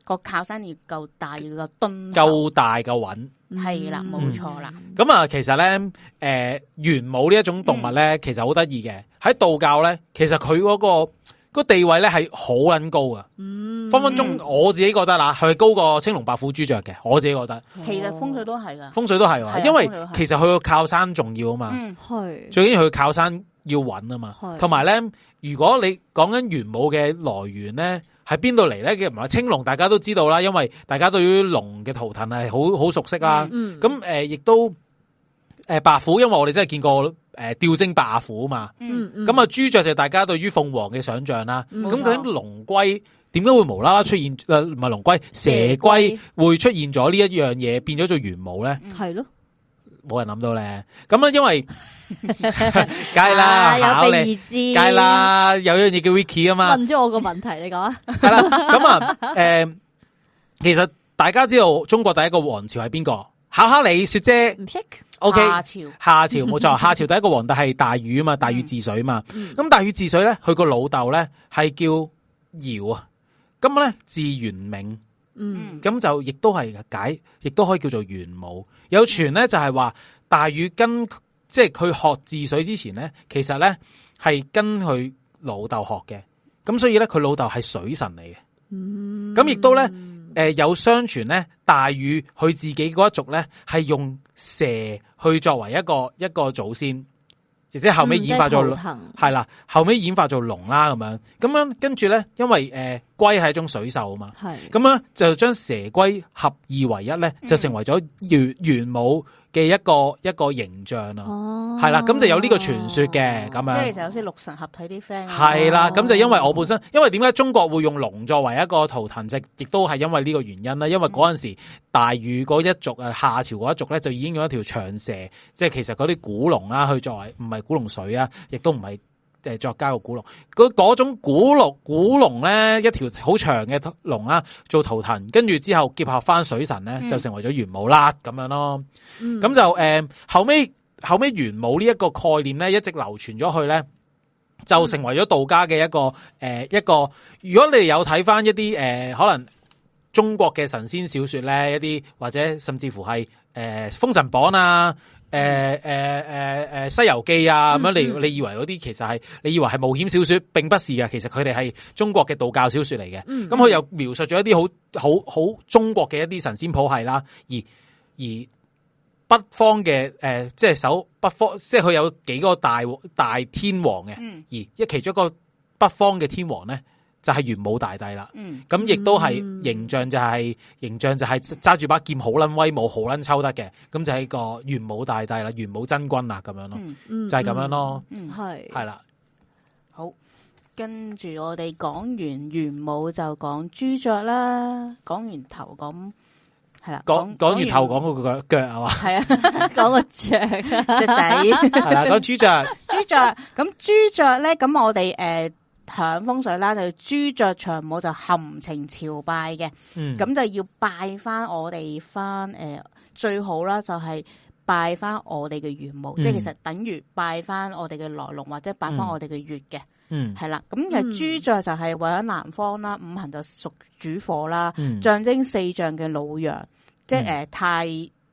個靠山要夠大，要個墩夠大，夠穩。係啦，冇錯啦。咁啊，嗯、其實咧，誒、呃，玄武呢一種動物咧、嗯，其實好得意嘅。喺道教咧，其實佢嗰個個地位咧係好撚高啊。嗯，分分鐘、嗯、我自己覺得嗱，係高過青龍白虎朱雀嘅？我自己覺得，其實風水都係噶，風水都係啊。因為其實佢個靠山重要啊嘛，係、嗯。最緊要佢靠山要穩啊嘛，同埋咧，如果你講緊玄武嘅來源咧。喺邊度嚟咧？其實唔係青龍，大家都知道啦，因為大家對於龍嘅圖騰係好好熟悉啦。咁誒、嗯，亦都誒白虎，因為我哋真係見過誒吊睛白虎啊嘛。咁啊、嗯，朱、嗯、雀就係大家對於鳳凰嘅想象啦。咁、嗯、究竟龍龜點解會無啦啦出現？誒、嗯，唔係龍龜，蛇龜會出現咗呢一樣嘢，變咗做玄武咧？係咯。冇人諗到咧，咁啊，因為梗係啦，有備而梗係啦，有樣嘢叫 Wiki 啊嘛，問咗我個問題，你講啊，係 啦，咁啊，誒、呃，其實大家知道中國第一個王朝係邊個？考考你，雪姐，唔識？OK，夏朝，夏朝冇錯，夏朝第一個皇帝係大禹啊嘛， 大禹治水啊嘛，咁、嗯、大禹治水咧，佢個老豆咧係叫姚啊，咁咧字元明。嗯，咁就亦都係解，亦都可以叫做玄武。有傳咧，就係話大禹跟即係佢學治水之前咧，其實咧係跟佢老豆學嘅。咁所以咧，佢老豆係水神嚟嘅。咁亦都咧，誒有相傳咧，大禹佢自己嗰一族咧係用蛇去作為一個一個祖先，即者後尾演化做龍，係啦、嗯，後尾演化做龍啦咁樣。咁樣跟住咧，因為誒。呃龜係一種水獸啊嘛，係咁是樣，就將蛇龜合二為一咧，就成為咗玄玄武嘅一個、嗯、一個形象啊，係啦、哦，咁就有呢個傳說嘅咁樣。即係其實好似六神合體啲 friend。係啦，咁就因為我本身，嗯、因為點解中國會用龍作為一個圖騰式，亦都係因為呢個原因啦。因為嗰陣時大禹嗰一族啊，夏朝嗰一族咧，就已經用一條長蛇，即、就、係、是、其實嗰啲古龍啊，去作為唔係古龍水啊，亦都唔係。誒，作家嘅古龍，嗰種古龍古龍咧，一條好長嘅龍啊，做圖騰，跟住之後結合翻水神咧，就成為咗玄武啦，咁樣咯。咁、嗯、就誒、呃，後尾後尾玄武呢一個概念咧，一直流傳咗去咧，就成為咗道家嘅一個誒、嗯呃、一個。如果你哋有睇翻一啲誒、呃，可能中國嘅神仙小說咧，一啲或者甚至乎係誒《封、呃、神榜》啊。誒誒誒誒，呃呃呃《西遊記》啊，咁樣你你以為嗰啲其實係你以為係冒險小說，並不是嘅，其實佢哋係中國嘅道教小說嚟嘅。嗯喲，咁佢又描述咗一啲好好好中國嘅一啲神仙譜系啦，而而北方嘅誒、呃，即係守北方，即係佢有幾個大大天王嘅。嗯、而一其中一個北方嘅天王咧。就係元武大帝啦，咁亦都係形象就係形象就係揸住把劍好捻威武，好捻抽得嘅，咁就係個元武大帝啦，元武真君啦咁樣咯，就係咁樣咯，係係啦，好，跟住我哋講完元武就講豬雀啦，講完頭咁係啦，講講完頭講個腳腳係嘛，係啊，講個腳仔，係啦講朱雀，朱雀，咁朱雀咧，咁我哋誒。響風水啦，就朱雀長毛就含情朝拜嘅，咁、嗯、就要拜翻我哋翻最好啦，就係拜翻我哋嘅玄武，嗯、即係其實等於拜翻我哋嘅來龍或者拜翻我哋嘅月嘅，係啦、嗯。咁其實朱雀就係為咗南方啦，嗯、五行就屬主火啦，嗯、象徵四象嘅老陽，嗯、即係太。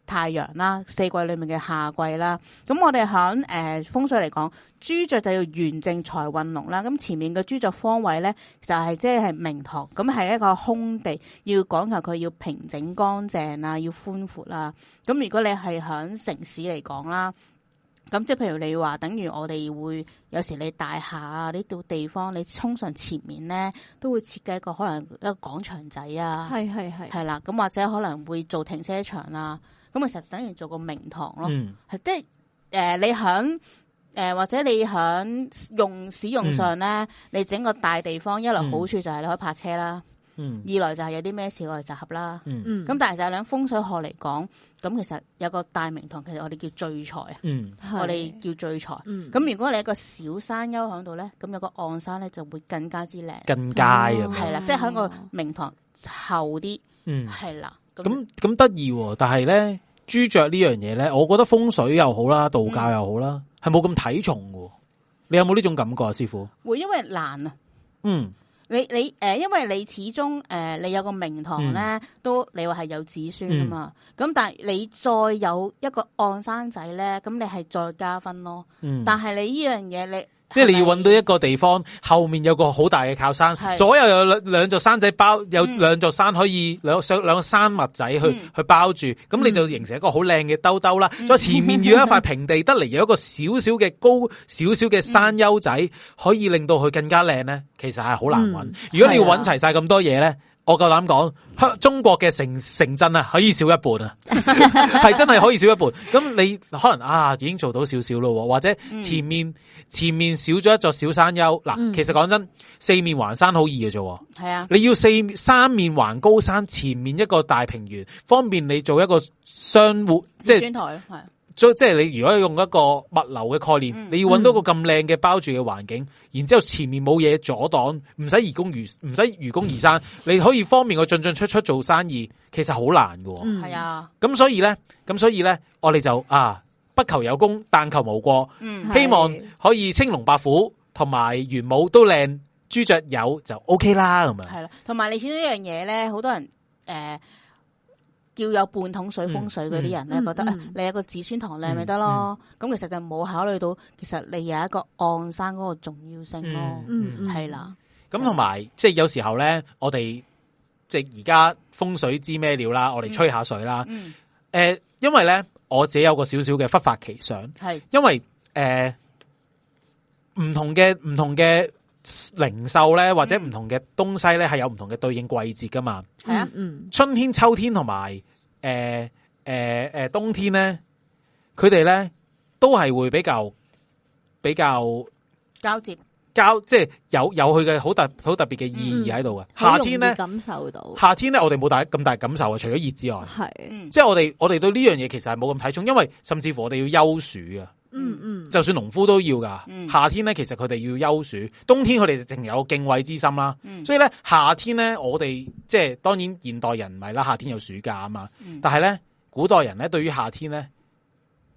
太陽啦，四季裏面嘅夏季啦，咁我哋喺、呃、風水嚟講，朱雀就要完整財運隆啦。咁前面嘅朱雀方位咧，就係即係明堂，咁係一個空地，要講求佢要平整乾淨呀，要寬闊啦。咁如果你係喺城市嚟講啦，咁即係譬如你話，等於我哋會有時你大廈啊呢度地方，你通常前面咧都會設計一個可能一個廣場仔啊，係係係，係啦，咁或者可能會做停車場呀。咁其實等於做個明堂咯，即係誒，你響誒或者你響用使用上咧，你整個大地方，一來好處就係你可以泊車啦，二來就係有啲咩事我哋集合啦，咁但係就兩風水學嚟講，咁其實有個大明堂，其實我哋叫聚財啊，我哋叫聚財，咁如果你一個小山丘響度咧，咁有個岸山咧就會更加之靚，更加啊，係啦，即係喺個明堂厚啲，係啦。咁咁得意，但係咧，朱雀呢樣嘢咧，我覺得風水又好啦，道教又好啦，係冇咁睇重喎。你有冇呢種感覺啊，師傅？會因為難啊，嗯，你你誒、呃，因為你始終誒、呃，你有個名堂咧，嗯、都你話係有子孫啊嘛，咁、嗯、但係你再有一個岸生仔咧，咁你係再加分咯，嗯、但係你呢樣嘢你。即係你要搵到一個地方，後面有個好大嘅靠山，左右有兩兩座山仔包，有兩座山可以兩上兩個山脈仔去、嗯、去包住，咁你就形成一個好靚嘅兜兜啦。再、嗯、前面要一塊平地得嚟，有一個少少嘅高、少少嘅山丘仔，嗯、可以令到佢更加靚呢。其實係好難搵，嗯、如果你要搵齊晒咁多嘢呢。我夠膽講，香中國嘅城城鎮啊，可以少一半啊，係真係可以少一半。咁你可能啊已經做到少少咯，或者前面、嗯、前面少咗一座小山丘。嗱，嗯、其實講真，四面環山好易嘅啫。喎。係啊，你要四三面環高山，前面一個大平原，方便你做一個商戶。即、就係、台係。所以即係你如果用一個物流嘅概念，你要揾到個咁靚嘅包住嘅環境，嗯、然之後前面冇嘢阻擋，唔使愚公如唔使愚公移山，嗯、你可以方便我進進出出做生意，其實好難㗎喎。係啊、嗯。咁所以咧，咁所以咧，我哋就啊，不求有功，但求無過。嗯，希望可以青龍白虎同埋玄武都靚，朱雀有就 OK 啦。咁樣，係啦，同埋你呢一樣嘢咧，好多人誒。呃叫有半桶水風水嗰啲人咧，覺得咧、嗯嗯哎、你有一個子孫堂靚咪得咯。咁、嗯嗯、其實就冇考慮到，其實你有一個案山嗰個重要性咯。係啦、嗯，咁同埋即係有時候咧，我哋即係而家風水知咩料啦？我哋吹下水啦。誒、嗯嗯呃，因為咧，我自己有一個少少嘅忽發奇想，係是因為誒唔、呃、同嘅唔同嘅。零售咧，或者唔同嘅東西咧，係有唔同嘅對應季節噶嘛？係啊，嗯，春天、秋天同埋誒誒誒冬天咧，佢哋咧都係會比較比較交接交，即係有有佢嘅好特好特別嘅意義喺度嘅。夏天咧，感受到夏天咧，我哋冇大咁大感受啊，除咗熱之外，係即係我哋我哋對呢樣嘢其實係冇咁睇重，因為甚至乎我哋要休暑啊。嗯嗯，就算農夫都要噶夏天咧其實佢哋要休暑，冬天佢哋就淨有敬畏之心啦。所以咧夏天咧，我哋即係當然現代人唔係啦，夏天有暑假啊嘛。但係咧古代人咧對於夏天咧。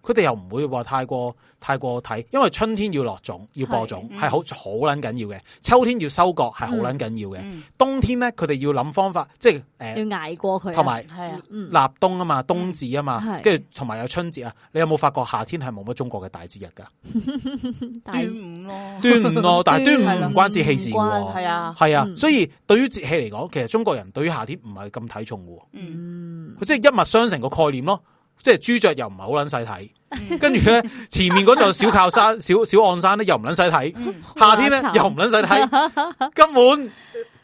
佢哋又唔會話太過太過睇，因為春天要落種要播種係好好捻緊要嘅，秋天要收割係好捻緊要嘅，冬天咧佢哋要諗方法，即係誒，要捱過去，同埋係啊，立冬啊嘛，冬至啊嘛，跟住同埋有春節啊，你有冇發覺夏天係冇乜中國嘅大節日噶？端午咯，端午咯，但係端午唔關節氣事噶，係啊，係啊，所以對於節氣嚟講，其實中國人對於夏天唔係咁睇重喎。嗯，佢即係一脈相承個概念咯。即係豬雀又唔係好撚使睇，跟住咧前面嗰座小靠山，小小岸山咧又唔撚使睇，夏天咧又唔撚使睇，根本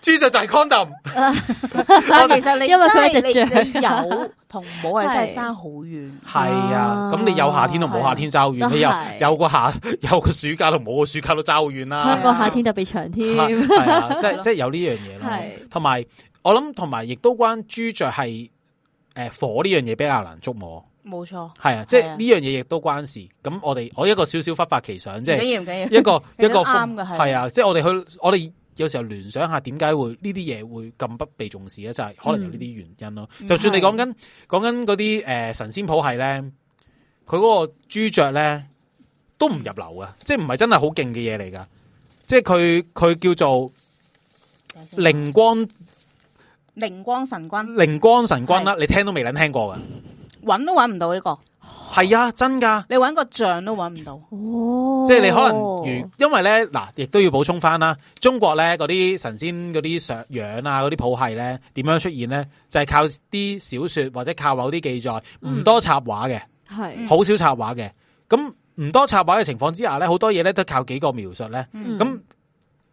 豬雀就係 condom。其實你因為佢一隻雀有同冇係真係爭好遠。係啊，咁你有夏天同冇夏天爭好遠，你有有個夏有個暑假同冇個暑假都爭好遠啦。個夏天特別長添，即係即係有呢樣嘢咯。同埋我諗，同埋亦都關豬雀係。誒，火呢樣嘢比較難捉摸，冇錯，係啊，即、啊是啊、係呢樣嘢亦都關事。咁我哋我一個少少忽發奇想，即、就、係、是、一個一個啱係係啊。即、就、係、是、我哋去我哋有時候聯想下，點解會呢啲嘢會咁不被重視咧？就係、是、可能有呢啲原因咯。嗯、就算你講緊講緊嗰啲誒神仙譜系咧，佢嗰個主角咧都唔入流啊，即係唔係真係好勁嘅嘢嚟噶，即係佢佢叫做靈光。靈光神君，靈光神君啦，是你聽都未能聽過嘅，揾都揾唔到呢、這個，係啊，真噶，你揾個像都揾唔到，哦，即係你可能如，如因為咧，嗱，亦都要補充翻啦，中國咧嗰啲神仙嗰啲上樣啊，嗰啲譜系咧，點樣出現咧，就係、是、靠啲小說或者靠某啲記載，唔多插畫嘅，係、嗯，好少插畫嘅，咁唔多插畫嘅情況之下咧，好多嘢咧都靠幾個描述咧，咁、嗯、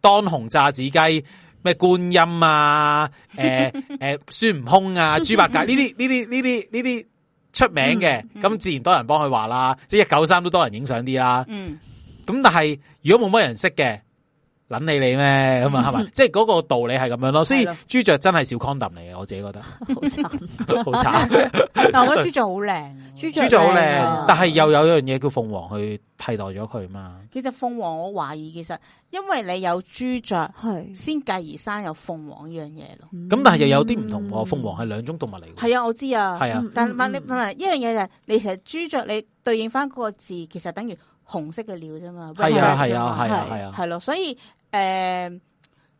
當紅炸子雞。咩觀音啊，誒誒孫悟空啊，豬八戒呢啲呢啲呢啲呢啲出名嘅，咁、 嗯嗯、自然多人幫佢話啦，即係一九三都多人影相啲啦。咁、嗯、但係如果冇乜人識嘅。捻，你你咩咁啊？係咪？即係嗰個道理係咁樣咯。所以朱雀真係小 condom 嚟嘅，我自己覺得。好慘，好慘。但我覺得朱雀好靚。朱雀好靚，但係又有一樣嘢，叫鳳凰去替代咗佢嘛？其實鳳凰，我懷疑其實因為你有朱雀係先繼而生有鳳凰呢樣嘢咯。咁但係又有啲唔同喎。鳳凰係兩種動物嚟嘅。係啊，我知啊。係啊，但係問你問埋一樣嘢就係，你其實朱雀你對應翻嗰個字，其實等於。紅色嘅鳥啫嘛，係啊係啊係啊係啊，係咯，所以誒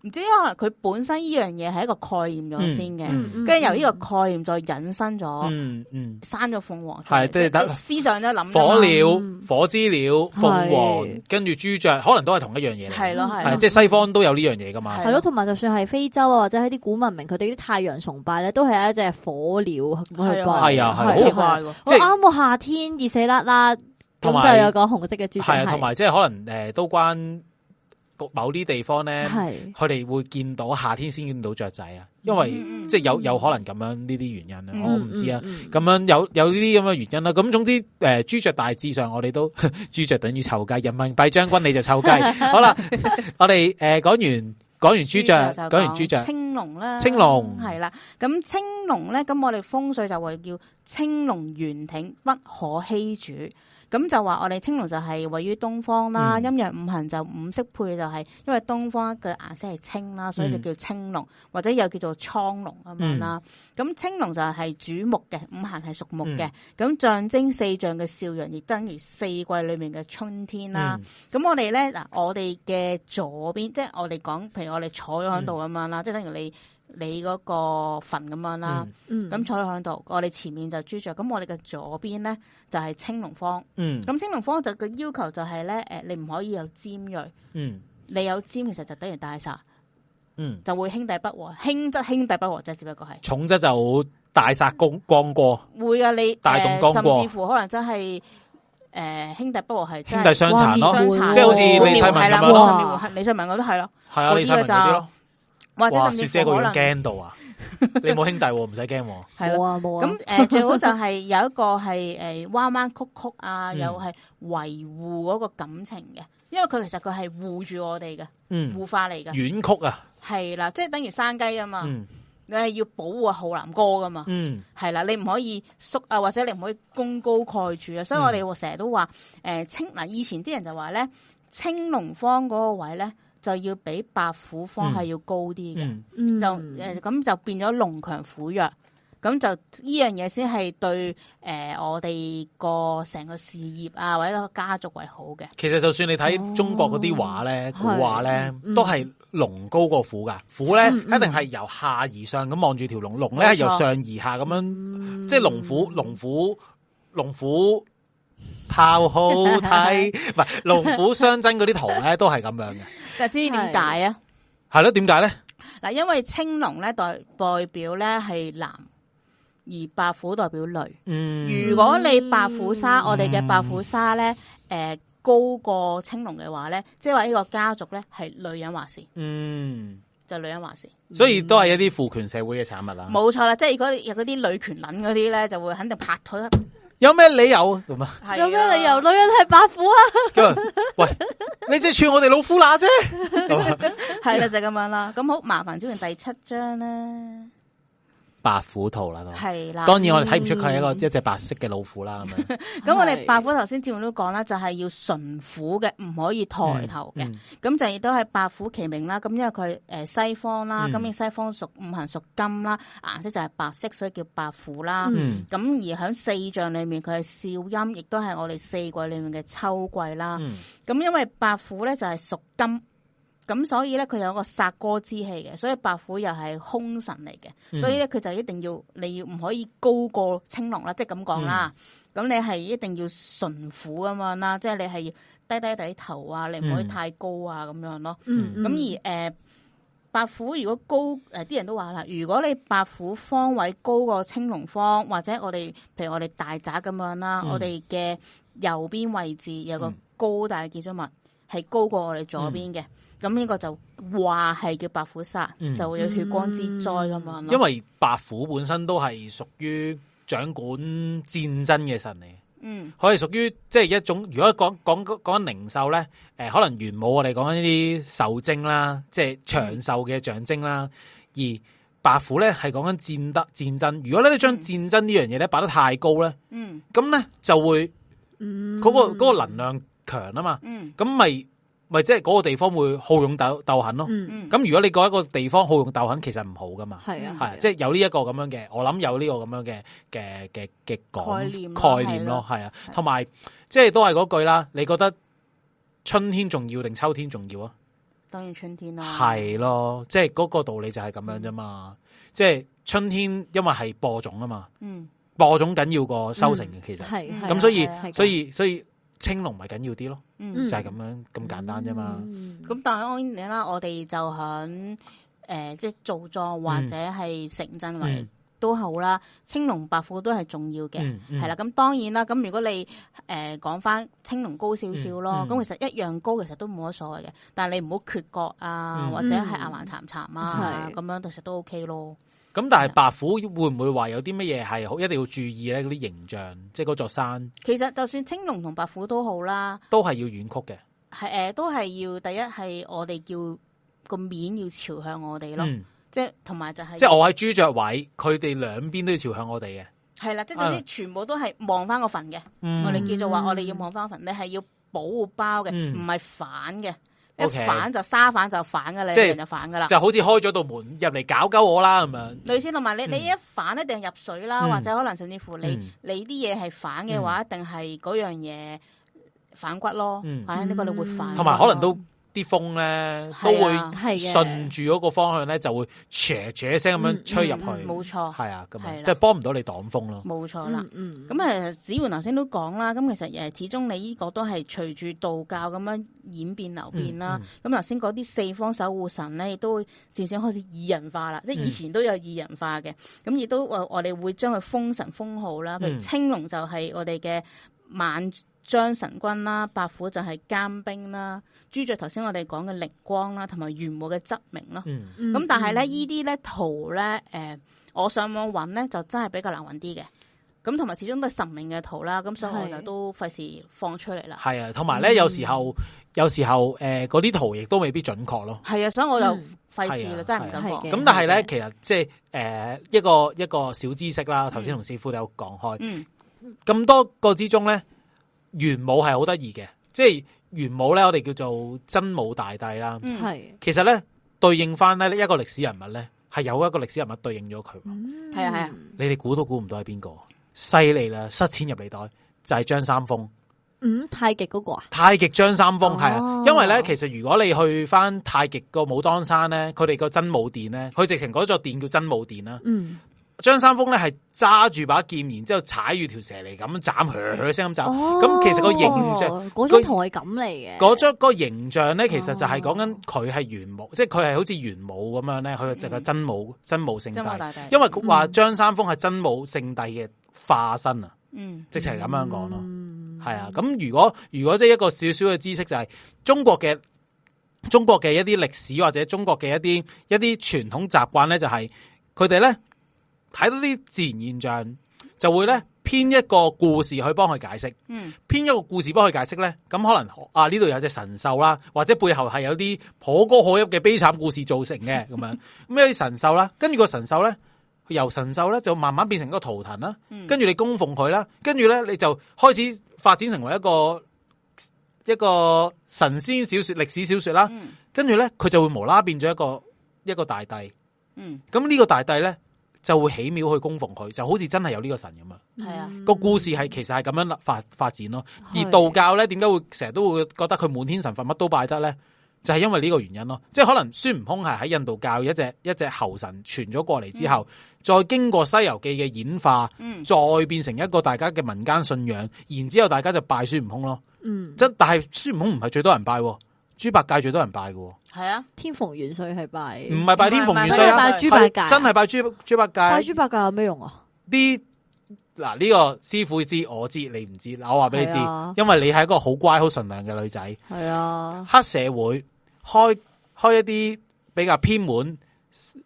唔知可能佢本身呢樣嘢係一個概念咗先嘅，跟住由呢個概念再引申咗，嗯嗯，生咗鳳凰，係即係等思想咧諗火鳥、火之鳥、鳳凰，跟住朱雀，可能都係同一樣嘢嚟，係咯係，即係西方都有呢樣嘢噶嘛，係咯，同埋就算係非洲啊或者喺啲古文明，佢哋啲太陽崇拜咧都係一隻火鳥咁去拜，係啊係，好啱啊，夏天熱死啦啦。同埋有，就有個紅色嘅朱雀，係啊的，同埋即係可能誒、呃，都關某啲地方咧，佢哋是的 會見到夏天先見到雀仔啊，嗯、因為、嗯、即係有有可能咁樣呢啲原因啊，嗯、我唔知啊，咁、嗯嗯、樣有有呢啲咁嘅原因啦。咁總之誒、呃，朱雀大致上我哋都朱雀等於臭雞，人民幣將軍你就臭雞。 好啦，我哋誒、呃、講完講完朱雀，講完朱雀，講完朱雀青龍啦，青龍係啦。咁青龍咧，咁我哋風水就會叫青龍圓挺不可欺主。咁就話我哋青龍就係位於東方啦，陰、嗯、陽五行就五色配就係、是，因為東方嘅顏色係青啦，所以就叫青龍，嗯、或者又叫做蒼龍咁樣啦。咁、嗯、青龍就係主木嘅，五行係屬木嘅，咁、嗯、象徵四象嘅少陽，亦等於四季裏面嘅春天啦。咁、嗯、我哋咧嗱，我哋嘅左邊，即係我哋講，譬如我哋坐咗喺度咁樣啦，嗯、即係等於你。你嗰個墳咁樣啦，咁坐喺喺度，我哋前面就朱雀，咁我哋嘅左邊呢，就係青龍方，咁青龍方就個要求就係咧，誒，你唔可以有尖銳，你有尖其實就等於大殺，就會兄弟不和，輕則兄弟不和，即係只不過係，重則就大殺光光過，會啊，你甚至乎可能真係誒兄弟不和係兄弟相殘咯，即係好似李世民咁咯，李世民我都係咯，係啊，李哇！雪姐個樣驚到啊！你冇兄弟，唔使驚。係啊冇啊！咁誒，最好就係有一個係誒彎彎曲曲啊，又係維護嗰個感情嘅，因為佢其實佢係護住我哋嘅，護化嚟嘅。婉曲，啊，係啦，即係等於山雞啊嘛，你係要保護浩南哥噶嘛，係啦，你唔可以縮啊，或者你唔可以功高蓋主啊，所以我哋成日都話誒青嗱，以前啲人就話咧，青龍方嗰個位咧。就要比白虎方係要高啲嘅，就誒咁就變咗龍強虎弱，咁就呢樣嘢先係對誒、呃、我哋個成個事業啊或者個家族為好嘅。其實就算你睇中國嗰啲畫咧，哦、古畫咧、嗯、都係龍高過虎噶，虎咧、嗯嗯、一定係由下而上咁望住條龍，龍咧係由上而下咁樣，嗯、即係龍虎龍虎龍虎豹好睇，唔係龍虎相爭嗰啲圖咧都係咁樣嘅。就知點解啊？係咯，點解咧？嗱，因為青龍咧代代表咧係男，而白虎代表女。嗯，如果你白虎砂，嗯、我哋嘅白虎砂咧，誒、呃、高過青龍嘅話咧，即係話呢個家族咧係女人話事。嗯，就女人話事，所以都係一啲父權社會嘅產物啦。冇錯啦，即係如果有嗰啲女權撚嗰啲咧，就會肯定拍腿。有咩理由啊？有咩理由？女人係白虎啊 ！喂，你即係串我哋老虎乸啫！係啦， 就係咁樣啦。咁好，麻煩轉換第七張啦。白虎圖啦，係啦的，當然我哋睇唔出佢一個、嗯、一隻白色嘅老虎啦咁樣。咁 我哋白虎頭先節目都講啦，就係、是，要純虎嘅，唔可以抬頭嘅。咁、嗯嗯、就亦都係白虎其名啦。咁因為佢誒西方啦，咁、嗯、西方屬五行屬金啦，顏色就係白色，所以叫白虎啦。咁、嗯、而喺四象裏面，佢係少陰，亦都係我哋四季裏面嘅秋季啦。咁、嗯、因為白虎咧就係屬金。咁所以咧，佢有個殺哥之氣嘅，所以白虎又係凶神嚟嘅，所以咧佢就一定要你要唔可以高過青龍啦，即係咁講啦。咁、嗯、你係一定要純虎咁樣啦，即係你係要低低底頭啊，你唔可以太高啊咁樣咯。咁、嗯嗯、而誒、呃、白虎如果高、呃、啲人都話啦，如果你白虎方位高過青龍方，或者我哋譬如我哋大宅咁樣啦，嗯、我哋嘅右邊位置有個高大嘅建築物係高過我哋左邊嘅。嗯嗯咁呢個就話係叫白虎煞，嗯、就會有血光之災咁樣咯。因為白虎本身都係屬於掌管戰爭嘅神嚟，嗯，佢係屬於即係一種。如果講講講緊靈獸咧，誒、呃，可能玄武我哋講呢啲壽精啦，即、就、係、是、長壽嘅象徵啦。嗯、而白虎咧係講緊戰得戰爭。如果咧你將戰爭呢樣嘢咧擺得太高咧，嗯，咁咧就會，嗯，嗰個嗰個能量強啊嘛，嗯，咁咪。咪即係嗰個地方會好勇鬥鬥狠咯，咁、嗯、如果你嗰一個地方好勇鬥狠，其實唔好噶嘛，係啊，係即係有呢一個咁樣嘅，我諗有呢個咁樣嘅嘅嘅嘅概念咯，係啊，同埋即係都係嗰句啦，你覺得春天重要定秋天重要啊？當然春天啦、啊，係咯、啊，即係嗰個道理就係咁樣啫嘛，即、就、係、是、春天因為係播種啊嘛，嗯、播種緊要過收成嘅，其實，咁所以所以所以。青龍咪緊要啲咯，就係、是、咁樣咁、嗯、簡單啫嘛。咁但係當然啦，我、呃、哋就響誒，即係做作或者係城鎮位都好啦，嗯嗯、青龍白虎都係重要嘅，係啦、嗯。咁、嗯、當然啦，咁如果你誒講翻青龍高少少咯，咁、嗯嗯、其實一樣高，其實都冇乜所謂嘅。但係你唔好缺角啊，嗯、或者係暗橫殘殘啊，咁、嗯、的樣其實都 OK 咯。咁、嗯、但係白虎會唔會話有啲乜嘢係好一定要注意咧？嗰啲形象，即係嗰座山。其實就算青龍同白虎都好啦，都係要軟曲嘅。係誒，都係要第一係我哋叫個面要朝向我哋咯，嗯、即係同埋就係、是。即係我喺朱雀位，佢哋兩邊都要朝向我哋嘅。係啦，即、就、係、是、總之全部都係望翻個墳嘅。嗯、我哋叫做話，我哋要望翻個墳，你係要保護包嘅，唔係、嗯、反嘅。Okay，一反就沙反就反噶啦，即係人就反噶啦，就好似開咗道門入嚟搞鳩我啦咁樣。類似同埋、嗯、你你一反一定入水啦，嗯、或者可能甚至乎你、嗯、你啲嘢係反嘅話，一定係嗰樣嘢反骨咯。反正呢、嗯、個你會反，同埋、嗯、可能都。啲風咧都會順住嗰個方向咧，嗯嗯，就會斜斜聲咁樣吹入去，冇錯，嗯，係、嗯、啊，咁啊、嗯，即係幫唔到你擋風咯，冇錯啦。咁誒，子媛頭先都講啦，咁其實誒，始終你呢個都係隨住道教咁樣演變流變啦。咁頭先嗰啲四方守護神咧，亦都會漸漸開始二人化啦。嗯、即係以前都有二人化嘅，咁亦都我我哋會將佢封神封號啦。譬如青龍就係我哋嘅晚。張神君啦，白虎就係監兵啦，朱雀頭先我哋講嘅靈光啦，同埋玄武嘅則明咯。咁、嗯、但係咧，呢啲咧圖咧，誒、呃，我上網揾咧就真係比較難揾啲嘅。咁同埋始終都係神明嘅圖啦，咁的所以我就都費事放出嚟啦。係啊，同埋咧，有時候有時候誒，嗰、呃、啲圖亦都未必準確咯。係啊，所以我就費事啦，真係唔敢講。咁但係咧，其實即係誒，一個一個小知識啦。頭先同師傅都有講開，咁、嗯、多個之中咧。玄武係好得意嘅，即係玄武咧，我哋叫做真武大帝啦。係、嗯。其實咧，對應翻咧一個歷史人物咧，係有一個歷史人物對應咗佢。係啊係啊。你哋估都估唔到係邊個？犀利啦！塞錢入嚟袋就係、是、張三豐。嗯，太極嗰、那個啊？太極張三豐係啊，因為咧，其實如果你去翻太極個武當山咧，佢哋個真武殿咧，佢直情嗰座殿叫真武殿啦。嗯。張三豐咧，係揸住把劍，然之後踩住條蛇嚟咁斬，響聲咁斬。咁、哦、其實個形象，嗰張圖係咁嚟嘅。嗰張個形象咧，其實就係講緊佢係玄武，哦、即係佢係好似玄武咁樣咧，佢就係真武、嗯、真武聖帝。大大大因為話張三豐係真武聖帝嘅化身啊，嗯，即係咁樣講咯，係啊。咁如果如果即係一個少少嘅知識、就係，就係中國嘅中國嘅一啲歷史或者中國嘅一啲一啲傳統習慣咧，就係佢哋咧。睇到啲自然現象，就會咧編一個故事去幫佢解釋。嗯，編一個故事幫佢解釋咧，咁、嗯、可能啊呢度有隻神獸啦，或者背後係有啲可歌可泣嘅悲慘故事造成嘅咁 樣。咩神獸啦？跟住個神獸咧，由神獸咧就慢慢變成一個圖騰啦。跟住、嗯、你供奉佢啦，跟住咧你就開始發展成為一個一個神仙小說、歷史小說啦。跟住咧佢就會無啦變咗一個一個大帝。嗯，咁呢個大帝咧。就會起廟去供奉佢，就好似真係有呢個神咁啊！係個、嗯、故事係其實係咁樣發展咯。而道教呢，點解會成日都會覺得佢滿天神佛乜都拜得呢？就係、係、因為呢個原因咯。即係可能孫悟空係喺印度教一隻一隻猴神傳咗過嚟之後，嗯、再經過《西遊記》嘅演化，嗯、再變成一個大家嘅民間信仰，然之後大家就拜孫悟空咯。嗯，真但係孫悟空唔係最多人拜。豬八戒最多人拜嘅，係啊，天蓬元帥係拜，唔係拜天蓬元帥，拜,拜豬八戒，真係拜豬豬八戒。拜豬八戒有咩用啊？啲嗱呢個師傅知，我知，你唔知。我話俾你知，因為你係一個好乖、好純良嘅女仔。係啊，黑社會開開一啲比較偏門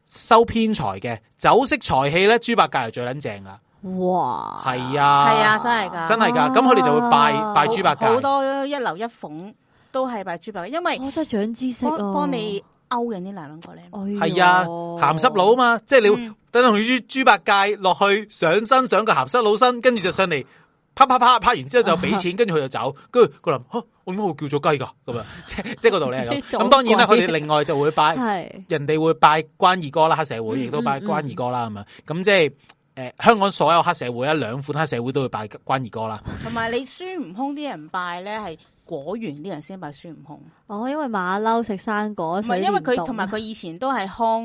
收偏財嘅，酒色財氣咧，豬八戒係最撚正啊！哇！係啊，係啊，真係噶，啊啊、真係噶。咁佢哋就會拜拜豬八戒好，好多一流一鳳。都係拜豬八戒，因為我真係長知識，啊，幫你勾引啲男人過嚟。係、哎、喲啊，鹹濕佬啊嘛，嗯、即係你會，等等到佢豬八戒落去上身，上個鹹濕佬身，跟住就上嚟，啪啪啪，拍完之後就俾錢，跟住佢就走。跟住佢諗，我點解會叫做雞噶？咁樣即即係嗰度咧。咁、 嗯、當然啦，佢哋另外就會拜 是人哋會拜關二哥啦，黑社會亦都拜關二哥啦。咁啊、嗯，咁即係誒、呃，香港所有黑社會啊，兩款黑社會都會拜關二哥啦。同埋你孫悟空啲人拜咧係。是果園啲人先拜孫悟空，哦，因為馬騮食生果，唔係，因為佢同埋佢以前都係康，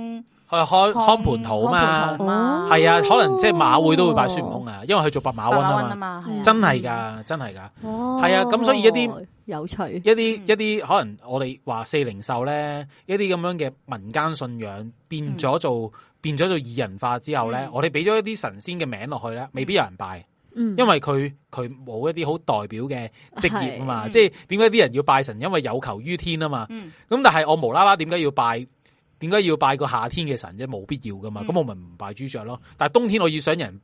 係開康盤土嘛，係啊，可能即係馬會都會拜孫悟空啊，因為佢做弼馬溫啊嘛，真係噶，真係噶，係啊，咁所以一啲有趣，一啲一啲可能我哋話四靈獸咧，一啲咁樣嘅民間信仰變咗做變咗做擬人化之後咧，我哋俾咗一啲神仙嘅名落去咧，未必有人拜。嗯、因為佢佢冇一啲好代表嘅職業啊嘛，即係點解啲人要拜神？因為有求於天啊嘛。咁、嗯、但係我無啦啦，點解要拜？點解要拜個夏天嘅神啫？冇必要噶嘛。咁、嗯、我咪唔拜朱雀咯。但係冬天我要想人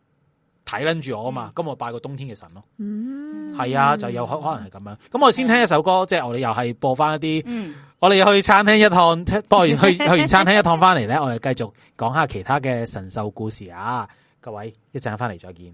睇捻住我啊嘛，咁、嗯、我拜個冬天嘅神咯。嗯，係啊，就有可可能係咁樣。咁我哋先聽一首歌，即係、嗯、我哋又係播翻一啲。嗯、我哋去餐廳一趟，聽播 去去完餐廳一趟翻嚟咧，我哋繼續講下其他嘅神獸故事啊！各位，一陣翻嚟再見。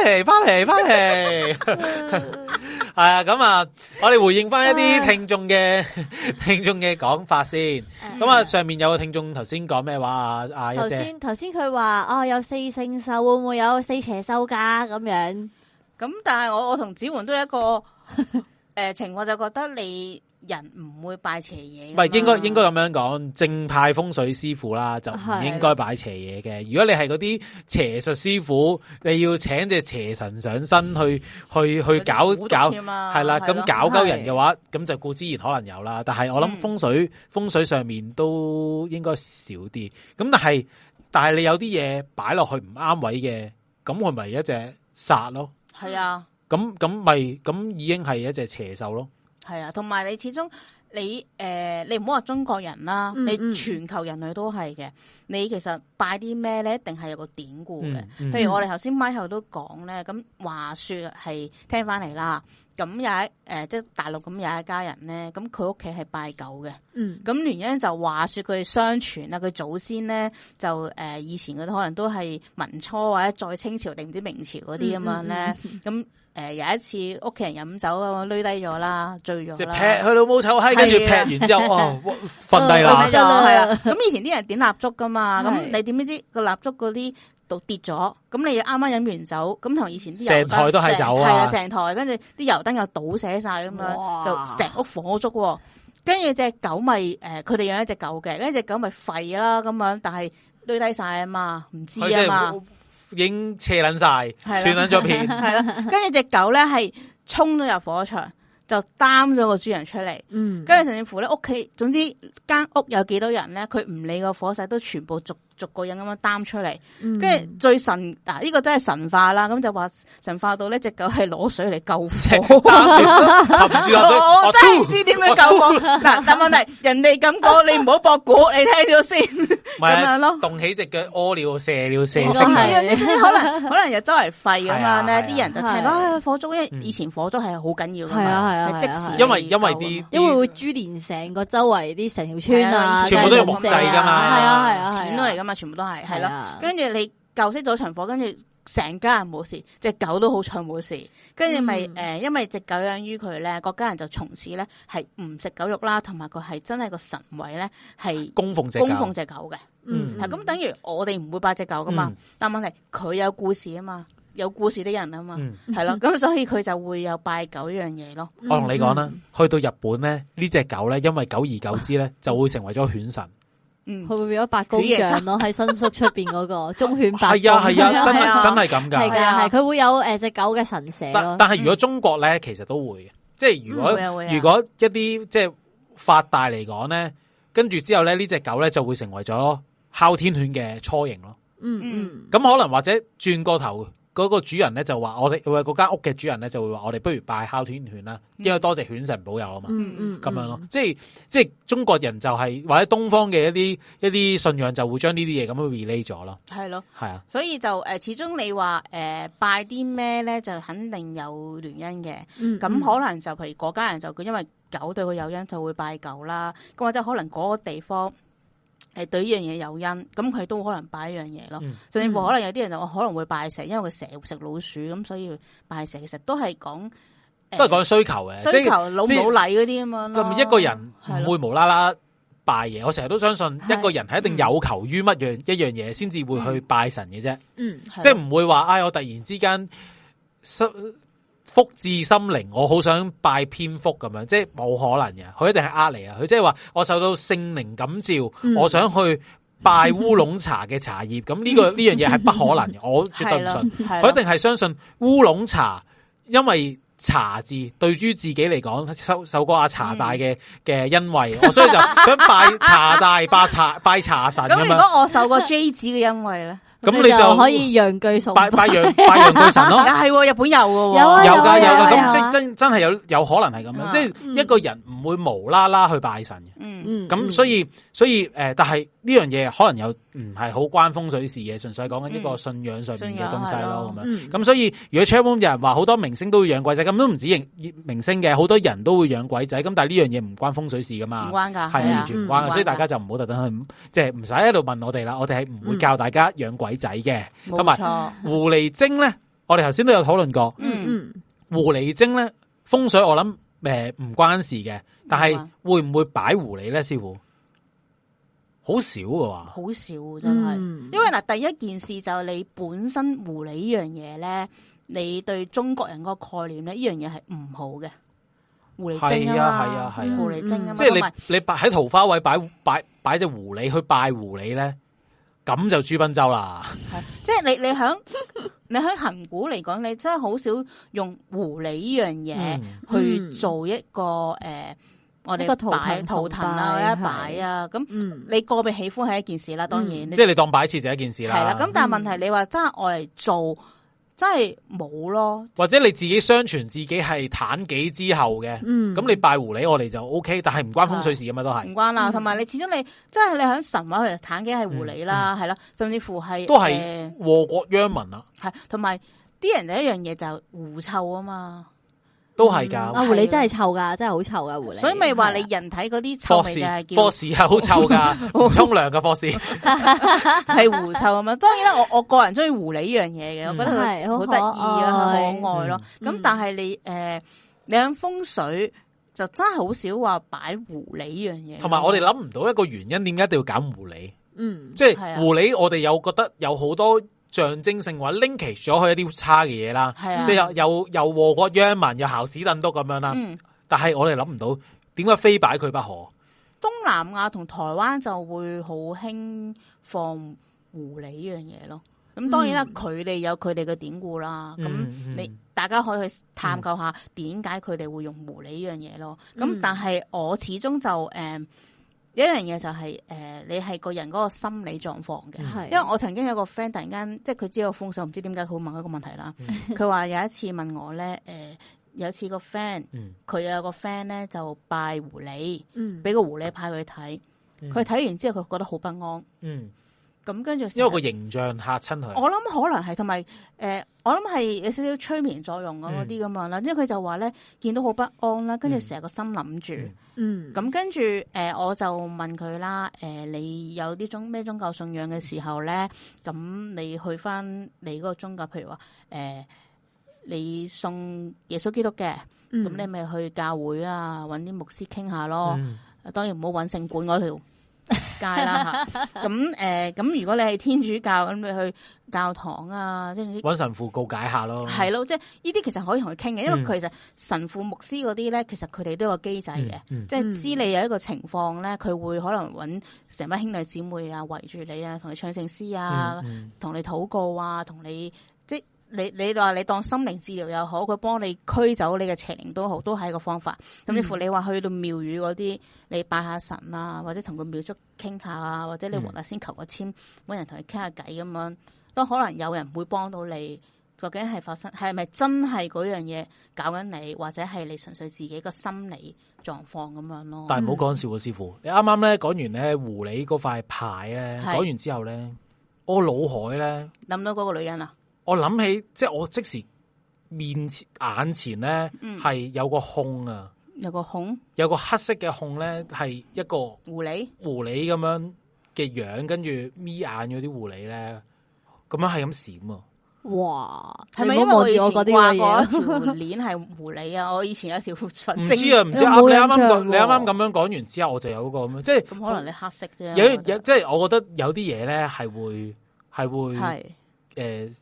翻嚟，翻嚟，係啊！咁啊， 我哋回應翻一啲聽眾嘅 聽眾嘅講法先。咁啊，上面有個聽眾頭先講咩話啊？頭先頭先佢話哦，有四聖獸會唔會有四邪獸㗎？咁樣咁，但係我我同子媛都有一個誒、呃、情況，就覺得你。人唔會拜邪嘢，唔係應該應該咁樣講，正派風水師傅啦，就唔應該擺邪嘢嘅。如果你係嗰啲邪術師傅，你要請隻邪神上身去去去搞搞，係啦，咁搞鳩人嘅話，咁就固之然可能有啦。但係我諗風水風水上面都應該少啲。咁但係但係你有啲嘢擺落去唔啱位嘅，咁係咪一隻煞咯？係啊，咁咁咪咁已經係一隻邪獸咯。係啊，同埋你始終你誒，你唔好話中國人啦，嗯嗯你全球人類都係嘅。你其實拜啲咩咧，一定係有個典故嘅。譬、嗯嗯、如我哋頭先 Michael 都講咧，咁話說係聽翻嚟啦。咁有一誒、呃，即係大陸咁有一家人咧，咁佢屋企係拜狗嘅。嗯，嗯，咁原因就話說佢相傳啦，佢祖先咧就誒、呃、以前佢可能都係民初或者再清朝定唔知明朝嗰啲咁樣咧咁。 誒、呃，有一次屋企人飲酒啊，我攰低咗啦，醉咗即係劈佢老母臭閪，跟住是的 劈完之後，哇、 哦，瞓低啦。係啦 咁以前啲人點蠟燭噶嘛，咁是的 你點知個蠟燭嗰啲都跌咗，咁你啱啱飲完酒，咁同以前啲成台都係酒係係啊，成台，跟住啲油燈又倒瀉晒咁樣，哇 就成屋火燭。跟住隻狗咪、就是，誒、呃，佢哋養一隻狗嘅，跟住隻狗咪吠啦，咁樣，但係攰低晒啊嘛，唔知啊嘛。已經斜捻晒，斷捻咗片，係咯。跟住隻狗咧，係衝咗入火場，就擔咗個主人出嚟。嗯，跟住甚至乎咧，屋企，總之間屋有幾多人咧，佢唔理個火勢，都全部逐。逐個人咁樣擔出嚟，跟住最神嗱，呢個真係神化啦。咁就話神化到呢隻狗係攞水嚟救火，我真係唔知點樣救火。嗱，但問題，人哋咁講，你唔好博估，你聽咗先，咁樣咯，棟起隻腳屙尿、射尿、射，甚至可能可能又周圍吠咁樣呢，啲人就聽啊，火燭因以前火燭係好緊要㗎嘛，係啊係啊，因為因為啲因為會珠連成個周圍啲成條村啊，全部都有木製㗎嘛，係啊係啊，錢嚟㗎全部都係，係啦，跟住你救熄咗場火，跟住成家人冇事，隻狗都好彩冇事，跟住咪誒，嗯、因為隻狗養於佢咧，個家人就從此咧係唔食狗肉啦，同埋佢係真係個神位咧係供奉隻供奉隻狗嘅，嗯，咁等於我哋唔會拜隻狗噶嘛，嗯、但問題佢有故事啊嘛，有故事的人啊嘛，係咯、嗯，咁所以佢就會有拜狗呢樣嘢咯。嗯、我同你講啦，嗯、去到日本咧，呢隻狗咧，因為久而久之咧，就會成為咗犬神。 嗯，佢會變咗白高象咯、啊，喺新宿出邊嗰個 忠犬白高。係啊係啊，啊，真係、啊、真係咁噶。係啊係，佢、啊啊、會有誒隻狗嘅神社，但係如果中國咧，嗯、其實都會嘅，即係如果、嗯啊啊、如果一啲即係發大嚟講咧，跟住之後咧呢隻狗咧就會成為咗哮天犬嘅雛形咯。嗯嗯，咁、嗯、可能或者轉個頭。嗰個主人咧就話：我哋，嗰間屋嘅主人咧就會話我哋不如拜哮天犬啦，因為多謝犬神保佑啊嘛。咁、嗯嗯嗯、樣咯，即係即係中國人就係、是、或者東方嘅一啲一啲信仰就會將呢啲嘢咁樣 relay 咗咯。係咯的，係啊的，所以就誒，始終你話誒、呃、拜啲咩咧，就肯定有原因嘅。咁、嗯、可能就譬如嗰家人就佢因為狗對佢有恩就會拜狗啦。咁或者可能嗰個地方。係對呢樣嘢有因，咁佢都可能拜一樣嘢咯。甚至乎可能有啲人就我可能會拜蛇，因為佢蛇食老鼠，咁所以拜蛇其實都係講都係講需求嘅，呃、需求老母禮嗰啲吖嘛。就一個人唔會無啦啦拜嘢，的我成日都相信一個人係一定有求於乜樣一樣嘢，先至會去拜神嘅啫。嗯，是即係唔會話，哎，我突然之間失。福至心靈，我好想拜蝙蝠咁樣，即係冇可能嘅，佢一定係呃你啊！佢即係話我受到聖靈感召，嗯、我想去拜烏龍茶嘅茶葉，咁呢個呢樣嘢係不可能嘅，嗯、我絕對唔信，佢一定係相信烏龍茶，因為茶字對於自己嚟講受受過阿茶大嘅嘅、嗯、恩惠，所以就想拜茶大 拜茶拜茶神咁樣。咁如果我受過 J 字嘅恩惠咧？咁你就可以養鬼神，拜拜羊，拜羊鬼神咯。係日本有噶喎，有噶有咁，即真真係有有可能係咁樣，即係一個人唔會無啦啦去拜神嘅。咁所以所以誒，但係呢樣嘢可能又唔係好關風水事嘅，純粹係講緊呢個信仰上面嘅東西咯。咁樣。咁所以如果 channel 有人話好多明星都會養鬼仔，咁都唔止明星嘅，好多人都會養鬼仔。咁但係呢樣嘢唔關風水事噶嘛，唔關噶，係完全唔關。所以大家就唔好特登去，即係唔使喺度問我哋啦。我哋係唔會教大家養鬼。仔仔嘅，同埋狐狸精咧，我哋頭先都有討論過。嗯，嗯，嗯、狐狸精咧風水我，我諗誒唔關事嘅，但係會唔會擺狐狸咧？師傅少好少嘅話，好少真係，嗯、因為嗱，第一件事就係你本身狐狸呢樣嘢咧，你對中國人個概念，咧呢樣嘢係唔好嘅。狐狸精啊，係啊係，啊狐狸精，嘛？即係、嗯嗯、是你你喺桃花位擺擺擺隻狐狸去拜狐狸咧。咁就朱賓州啦 ，即係你你響你響恆股嚟講，你真係好少用狐狸呢樣嘢去做一個誒，嗯呃、我哋個圖圖騰啊，擺的啊，咁你個別喜歡係一件事啦，嗯、當然你，即係你當擺設就一件事啦，係啦，咁但係問題，你話真係我嚟做。嗯嗯真係冇咯，或者你自己相傳自己係妲己之後嘅，咁、嗯、你拜狐狸我哋就 OK，但係唔關風水事噶嘛，是的都係是唔關啦。同埋、嗯、你始終你，即係你喺神話嚟妲己係狐狸啦，係啦、嗯，甚至乎係都係禍國殃民啦、啊。係同埋啲人第一樣嘢就係狐臭啊嘛。都係噶，狐狸真係臭噶，真係好臭噶狐狸。所以咪話你人體嗰啲臭味啊，科士啊，好臭噶，唔沖涼噶科士，係狐臭噉樣。當然啦，我我個人中意狐狸呢樣嘢嘅，我覺得好得意啊，好可愛咯。咁但係你誒，你響風水就真係好少話擺狐狸呢樣嘢。同埋我哋諗唔到一個原因，點解一定要揀狐狸？嗯，即係狐狸，我哋有覺得有好多。象徵性話拎其咗佢一啲差嘅嘢啦，即係、啊嗯、又又又禍國殃民，又姣屎等篤咁樣啦。嗯、但係我哋諗唔到點解非擺佢不可。東南亞同台灣就會好興放狐狸呢樣嘢咯。咁當然啦，佢哋有佢哋嘅典故啦。咁、嗯、你大家可以去探究下點解佢哋會用狐狸呢樣嘢咯。咁、嗯、但係我始終就、嗯有一樣嘢就係、是，誒、呃，你係個人嗰個心理狀況嘅，嗯、因為我曾經有個 friend 突然間，即係佢知道我風水，唔知點解佢會問一個問題啦。佢話、嗯、有一次問我咧，誒、呃，有一次一個 friend，佢、嗯、有個 friend 咧就拜狐狸，俾、嗯、個狐狸派佢睇，佢睇、嗯、完之後佢覺得好不安。嗯嗯咁跟住，因為個形象嚇親佢、呃，我諗可能係，同埋誒，我諗係有少少催眠作用啊，嗰啲咁樣啦。因為佢就話咧，見到好不安啦，跟住成日個心諗住，嗯，咁跟住誒，我就問佢啦，誒、呃，你有啲宗咩宗教信仰嘅時候咧，咁、嗯、你去返你嗰個宗教，譬如話誒、呃，你送耶穌基督嘅，咁、嗯、你咪去教會啊，揾啲牧師傾下咯，嗯、當然唔好揾城管嗰條。梗啦，咁誒， 咁、嗯呃、如果你係天主教，咁你去教堂啊，即係搵神父告解下咯。係咯，即係呢啲其實可以同佢傾嘅，嗯、因為其實神父、牧師嗰啲咧，其實佢哋都有機制嘅，嗯嗯，即係知你有一個情況咧，佢會可能搵成班兄弟姊妹啊圍住你，你啊，同、嗯嗯、你唱聖詩啊，同你禱告啊，同你。你你話你當心靈治療又好，佢幫你驅走你嘅邪靈都好，都係一個方法。咁，似乎你話去到廟宇嗰啲，嗯、你拜下神啊，或者同個廟祝傾下啊，或者你黃大仙求個簽，揾人同佢傾下偈咁樣，都可能有人會幫到你。究竟係發生係咪真係嗰樣嘢搞緊你，或者係你純粹自己個心理狀況咁樣咯？但係唔好講笑啊，嗯、師傅！你啱啱咧講完咧狐狸嗰塊牌咧，講是完之後咧，我腦海咧諗到嗰個女人啊。我諗起，即係我即時面前眼前咧，係有個空啊，有個空，有個黑色嘅空咧，係一個狐狸狐狸咁樣嘅樣，跟住眯眼嗰啲狐狸咧，咁樣係咁閃啊！哇，係咪因為我以前掛過條鏈係狐狸啊？我以前有一條唔知啊，唔知啱你啱啱咁你啱啱咁樣講完之後，我就有一個咁樣，即係可能你黑色啫，有即係我覺得有啲嘢咧係會係會係誒。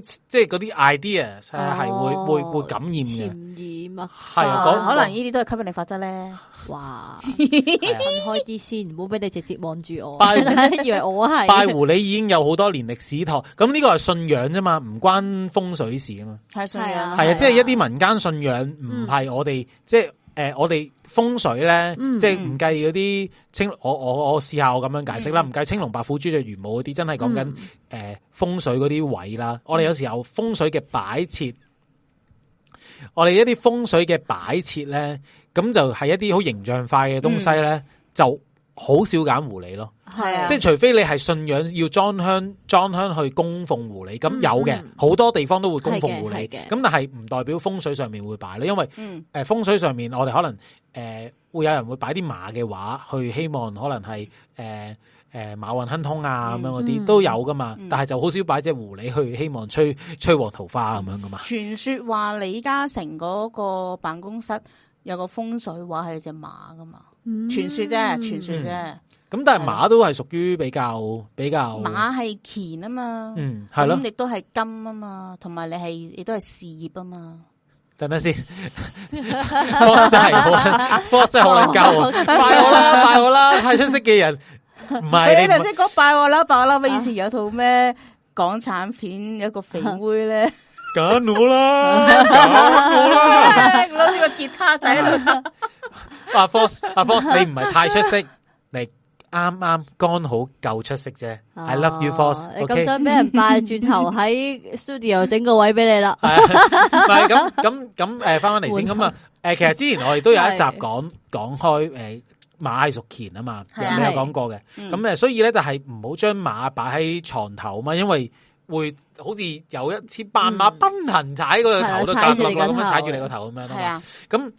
即即係嗰啲 idea，係會會會感染嘅。潛意啊？係講可能呢啲都係吸引力法則咧。哇，開開啲先，唔好俾你直接望住我。拜，以為我係拜狐狸已經有好多年歷史托，咁呢個係信仰啫嘛，唔關風水事啊嘛。係啊，係啊，即係一啲民間信仰，唔係我哋即係誒，我哋。風水咧，嗯、即係唔計嗰啲青，我我我試下我咁樣解釋啦，唔計青龍白虎朱雀玄武嗰啲，真係講緊誒風水嗰啲位啦。嗯、我哋有時候風水嘅擺設，我哋一啲風水嘅擺設咧，咁就係一啲好形象化嘅東西咧，嗯、就。好少揀狐狸咯，係啊，即係除非你係信仰要裝香裝香去供奉狐狸，咁有嘅好、嗯、多地方都會供奉狐狸，咁但係唔代表風水上面會擺咯，因為誒風水上面我哋可能誒、呃、會有人會擺啲馬嘅畫，去希望可能係誒誒馬運亨通啊咁、嗯、樣嗰啲都有噶嘛，但係就好少擺隻狐狸去希望催催旺桃花咁樣噶嘛。傳說話李嘉誠嗰個辦公室有個風水畫係隻馬噶嘛。傳說啫，傳說啫。咁、嗯、但係馬都係屬於比較比較，比較馬係乾啊嘛，嗯，係咯，咁亦都係金啊嘛，同埋你係亦都係事業啊嘛。等等先，呵呵 我真係 我真係好難教，拜我啦，拜我啦，太出色嘅人。唔係你頭先講拜我啦，拜我啦。咪以前有套咩港產片，有一個肥妹咧。啊 揀我啦，揀我啦！攞呢 個吉他仔啦，阿 Force，阿 Force，你唔係太出色，你啱啱剛，剛好夠出色啫。I love you，Force、哦。我咁想俾人霸 轉頭喺 studio 整個位俾你啦。唔係咁咁咁誒，翻返嚟先咁啊！誒、啊啊啊，其實之前我亦都有一集講講開誒馬艾屬乾啊嘛，你是有講過嘅。咁是、嗯啊、所以咧就係唔好將馬擺喺床頭嘛，因為。會好似有一次萬馬奔騰踩個頭都加速咁樣踩住你個頭咁樣啦，咁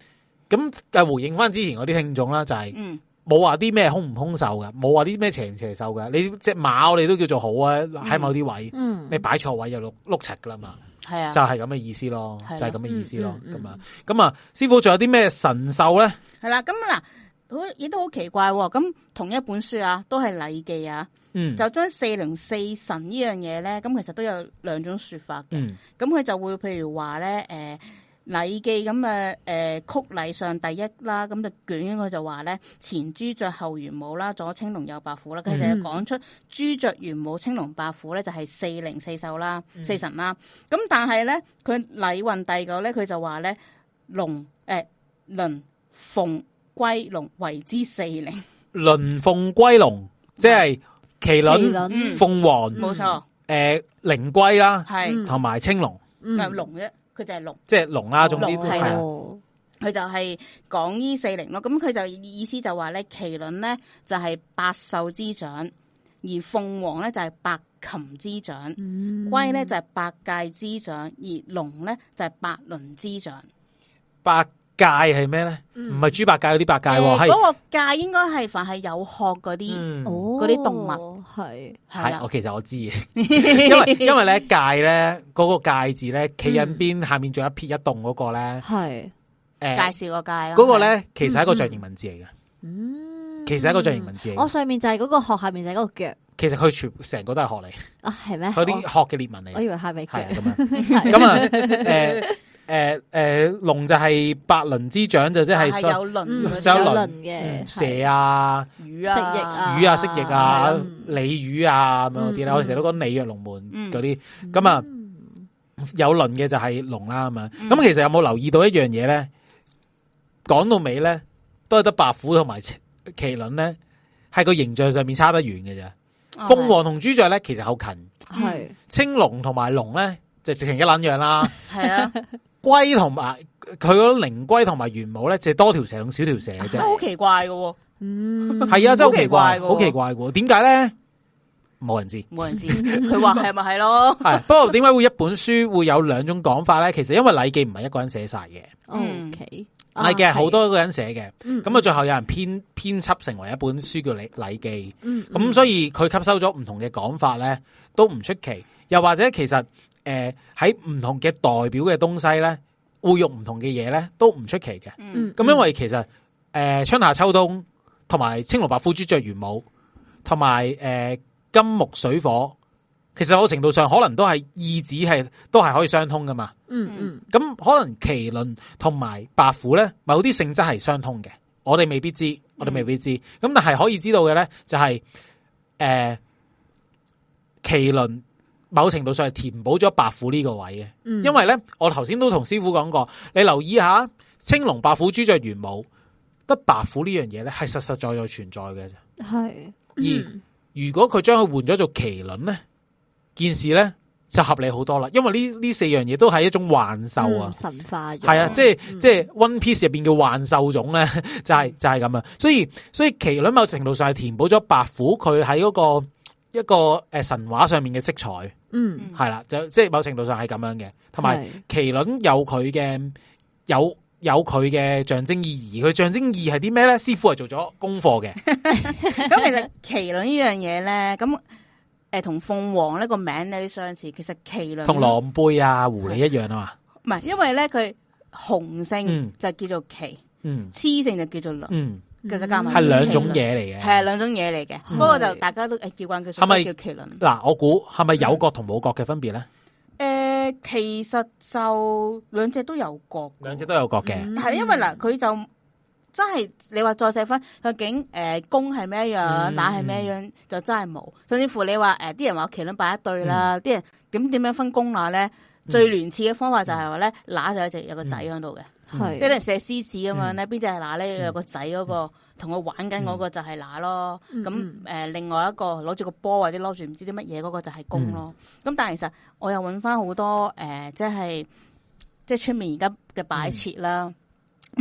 咁誒回應翻之前嗰啲聽眾啦，就係冇話啲咩凶唔凶獸㗎，冇話啲咩邪唔邪獸㗎。你隻馬你都叫做好啊，喺某啲位，你擺錯位就碌碌柒噶啦嘛，係啊，就係咁嘅意思咯，就係咁嘅意思咯，咁啊，咁啊，師傅仲有啲咩神獸咧？係啦，咁嗱，好亦都好奇怪，咁同一本書啊，都係《禮記》啊。嗯，就將四靈四神呢樣嘢咧，咁其實都有兩種說法嘅。咁佢，嗯、就會譬如話咧，誒，禮記咁啊，誒，曲禮上第一啦，咁就卷佢就話咧，前朱雀後玄武啦，左青龍右白虎啦，佢就係講出朱雀玄武，青龍白虎咧，就係四靈四獸啦，四神啦。咁但係咧，佢禮運第九咧，佢就話咧，龍，誒，麟鳳龜龍為之四靈，麟鳳龜龍即係。麒麟、鳳凰，冇錯，誒，靈龜啦，係，同埋青龍，就龍啫，佢就係龍，即係龍啦，總之都係，佢就係講呢四靈咯。咁佢就意思就話咧，麒麟咧就係百獸之長，而鳳凰咧就係百禽之長，龜咧就係百界之長，而龍咧就係百麟之長，百。界係咩咧？唔係豬八戒嗰啲八戒喎，嗰個界應該係凡係有殼嗰啲，嗰啲動物係係啦。我其實我知，因為因為咧界咧嗰個界字咧，企喺邊下面仲有一撇一動嗰個咧，係誒介紹個界嗰個咧其實係一個象形文字嚟嘅，嗯，其實係一個象形文字嚟。我上面就係嗰個殼，下面就係嗰個腳。其實佢全成個都係殼嚟啊？係咩？佢啲殼嘅裂紋嚟。我以為蝦尾腳。係咁咁啊，誒。誒誒，龍就係百鱗之長，就即係有鱗有鱗嘅蛇啊，魚啊，蜥蜴啊，魚啊蜥蜴啊，鯉魚啊咁樣嗰啲咧，我成日都講鯉躍龍門嗰啲，咁啊有鱗嘅就係龍啦咁啊，咁其實有冇留意到一樣嘢咧？講到尾咧，都係得白虎同埋麒麟咧，係個形象上面差得遠嘅咋？鳳凰同朱雀咧，其實好近，係青龍同埋龍咧，就直情一撚樣啦，係啊。龜同埋佢嗰靈龜同埋玄武咧，就多條蛇同少條蛇嘅啫，好奇怪嘅喎。嗯，係啊，真係好奇怪嘅，好奇怪嘅。點解咧？冇人知，冇人知。佢話係咪係咯？係。不過點解會一本書會有兩種講法咧？其實因為《禮記》唔係一個人寫晒嘅。O K，《禮記》係好多個人寫嘅。咁啊，最後有人編編輯成為一本書叫《禮禮記》。咁所以佢吸收咗唔同嘅講法咧，都唔出奇。又或者其實。誒，喺唔、呃、同嘅代表嘅東西咧，會用唔同嘅嘢咧，都唔出奇嘅。咁、嗯嗯、因為其實誒、呃，春夏秋冬同埋青龍白虎朱雀、玄武，同埋誒金木水火，其實某程度上可能都係意子係都係可以相通噶嘛。嗯嗯，咁、嗯、可能麒麟同埋白虎咧，某啲性質係相通嘅，我哋未必知，我哋未必知。咁、嗯、但係可以知道嘅咧，就係、是、誒、呃、麒麟。某程度上係填補咗白虎呢個位嘅，因為咧，嗯、我頭先都同師傅講過，你留意下青龍、白虎、朱雀、玄武，得白虎呢樣嘢咧係實實在在存在嘅啫。係，而如果佢將佢換咗做麒麟咧，件事咧就合理好多啦。因為呢呢四樣嘢都係一種幻獸啊、嗯，神化，係啊，就係嗯、即係即係 one piece 入邊嘅幻獸種咧、就係，就係就係咁啊。所以所以麒麟某程度上係填補咗白虎在、那個，佢喺嗰個一個誒神話上面嘅色彩。嗯，係啦，嗯，就即，是，係某程度上係咁樣嘅，同埋麒麟有佢嘅有有佢嘅象徵意義，佢象徵意義係啲咩咧？師傅係做咗功課嘅，嗯，咁 其實麒麟呢樣嘢咧，咁誒同鳳凰呢個名呢，啲相似，其實麒麟同狼狽啊狐狸一樣啊嘛，唔係，嗯、因為咧佢雄性就叫做麒，嗯，嗯，雌性就叫做麟，嗯。其實夾埋係兩種嘢嚟嘅，係兩種嘢嚟嘅。不過就大家都誒叫慣佢係咪叫麒麟。嗱，我估係咪有角同冇角嘅分別咧？誒，其實就兩隻都有角，兩隻都有角嘅。係因為嗱，佢就真係你話再細分，究竟誒公係咩樣，乸係咩樣，就真係冇。甚至乎你話誒，啲人話麒麟擺一對啦，啲人咁點樣分公乸咧？最原始嘅方法就係話咧，乸就一隻有個仔喺度嘅。即係寫獅子咁樣咧？邊隻係乸咧？有個仔嗰個同我玩緊嗰個就係乸咯。咁誒，另外一個攞住個波，或者攞住唔知啲乜嘢嗰個就係公咯。咁但係其實我又揾翻好多誒，即係即係出面而家嘅擺設啦，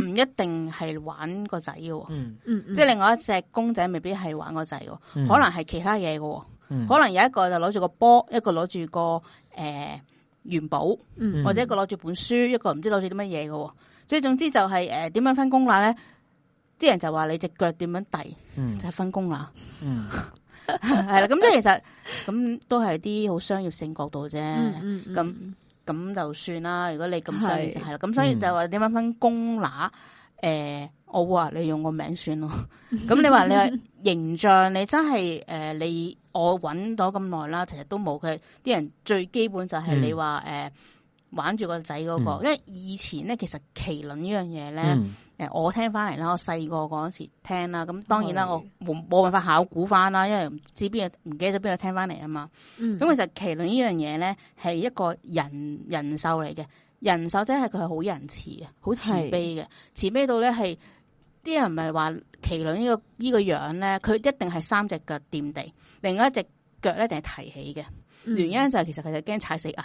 唔一定係玩個仔嘅。即係另外一隻公仔未必係玩個仔嘅，可能係其他嘢嘅。可能有一個就攞住個波，一個攞住個誒元寶，或者一個攞住本書，一個唔知攞住啲乜嘢嘅。即係總之就係誒點樣分工啦咧，啲人就話你隻腳點樣遞，嗯、就係分工啦。係啦、嗯，咁 即係其實咁都係啲好商業性角度啫。咁咁、嗯嗯、就算啦。如果你咁商業，係啦是。咁所以就話點樣分工啦？誒、嗯呃，我話你用個名算咯。咁 你話你形象你、呃，你真係誒，你我揾咗咁耐啦，其實都冇佢啲人最基本就係你話誒。嗯玩住個仔嗰個，因為以前咧其實麒麟呢樣嘢咧，我聽翻嚟啦，我細個嗰陣時聽啦，咁當然啦，我冇冇辦法考古翻啦，因為唔知邊個，唔記得咗邊個聽翻嚟啊嘛。咁、嗯、其實麒麟呢樣嘢咧係一個人人獸嚟嘅，人獸真係佢係好仁慈嘅，好慈悲嘅，是慈悲到咧係啲人唔係話麒麟呢、呢個呢、呢個、樣咧，佢一定係三隻腳掂地，另外一隻腳咧一定係提起嘅，嗯、原因就係其實佢就驚踩死蟻。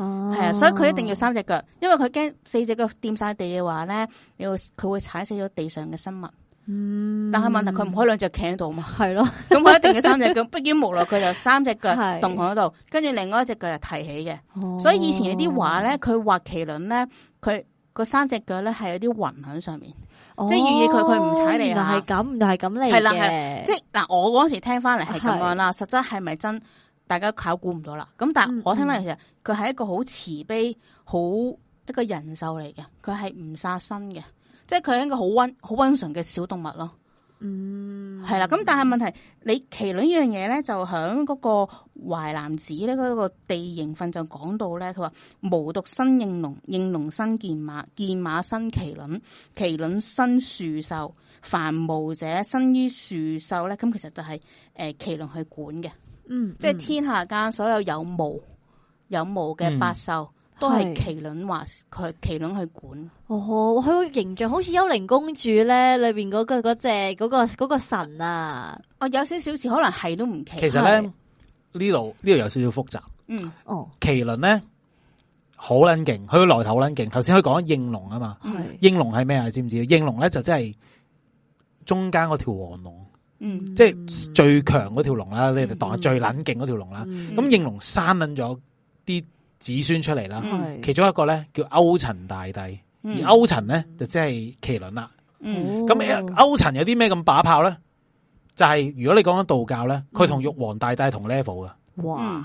係啊、哦，所以佢一定要三隻腳，因為佢驚四隻腳掂晒地嘅話咧，佢會踩死咗地上嘅生物。嗯，但係問題佢唔可以兩隻企喺度嘛，係咯，咁佢一定要三隻腳。 畢竟無奈，佢就三隻腳動喺度，跟住是的 另外一隻腳就提起嘅。哦、所以以前呢有啲畫咧，佢畫麒麟咧，佢個三隻腳咧係有啲雲喺上面，哦、即係寓意佢佢唔踩你就。就係、是、咁，就係咁嚟嘅。即係嗱，我嗰時聽翻嚟係咁樣啦，的實質係咪真？大家考估唔到啦，咁但係我聽翻其實佢係一個好慈悲、好一個仁獸嚟嘅，佢係唔殺生嘅，即係佢係一個好溫、好溫順嘅小動物咯。嗯，係啦，咁但係問題你麒麟呢樣嘢咧，就響嗰個淮南子呢嗰個地形訓就講到咧，佢話無獨生應龍，應龍生見馬，見馬生麒麟，麒麟生樹獸，凡無者生於樹獸咧，咁其實就係、是、誒、呃、麒麟去管嘅。嗯，即係天下間所有有毛有毛嘅百獸，嗯、都係麒麟話佢是麒麟去管。哦，佢個形象好似幽靈公主咧、那個，裏邊嗰個嗰隻、那個、那個神啊！哦，有少少似，可能係都唔奇。其實咧呢度呢度有少少複雜。嗯，哦，麒麟咧好撚勁，佢個來頭好撚勁。頭先佢講應龍啊嘛，是應龍係咩啊？你知唔知？應龍咧就真係中間嗰條黃龍。嗯，即係最強嗰條龍啦，你哋當係最冷勁嗰條龍啦。咁應龍生撚咗啲子孫出嚟啦，其中一個咧叫歐陳大帝，而歐陳咧就即係麒麟啦。咁歐陳有啲咩咁把炮咧？就係如果你講緊道教咧，佢同玉皇大帝同 level 噶哇！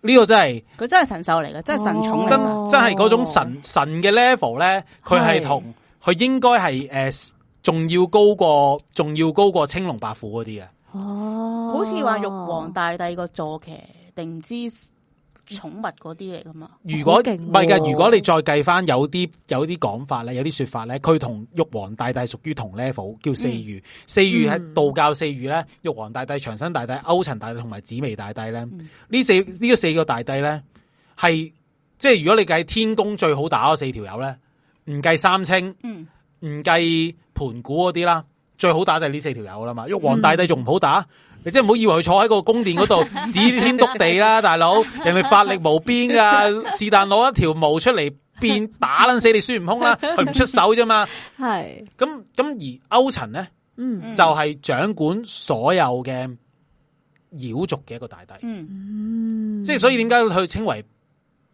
呢個真係佢真係神獸嚟嘅，真係神寵，真真係嗰種神神嘅 level 咧，佢係同佢應該係誒。仲要高過，仲要高過青龍白虎嗰啲啊，哦，好似話玉皇大帝個坐騎，定唔知寵物嗰啲嚟噶嘛？如果唔係嘅，如果你再計翻有啲有啲講法咧，有啲說法咧，佢同玉皇大帝屬於同 level，叫四御。嗯、四御係道教四御咧，玉皇大帝、長生大帝、勾陳大帝同埋紫微大帝咧。呢、嗯、四呢個四個大帝咧，係即係如果你計天宮最好打嗰四條友咧，唔計三清。嗯。唔計盤古嗰啲啦，最好打就係呢四條友啦嘛。玉皇大帝仲唔好打，嗯、你即係唔好以為佢坐喺個宮殿嗰度指天督地啦，大佬，人哋法力無邊噶，是但攞一條毛出嚟變打捻死你孫悟空啦，佢唔出手啫嘛。係咁咁而歐陳咧，嗯、就係掌管所有嘅妖族嘅一個大帝。嗯、即係所以點解佢稱為？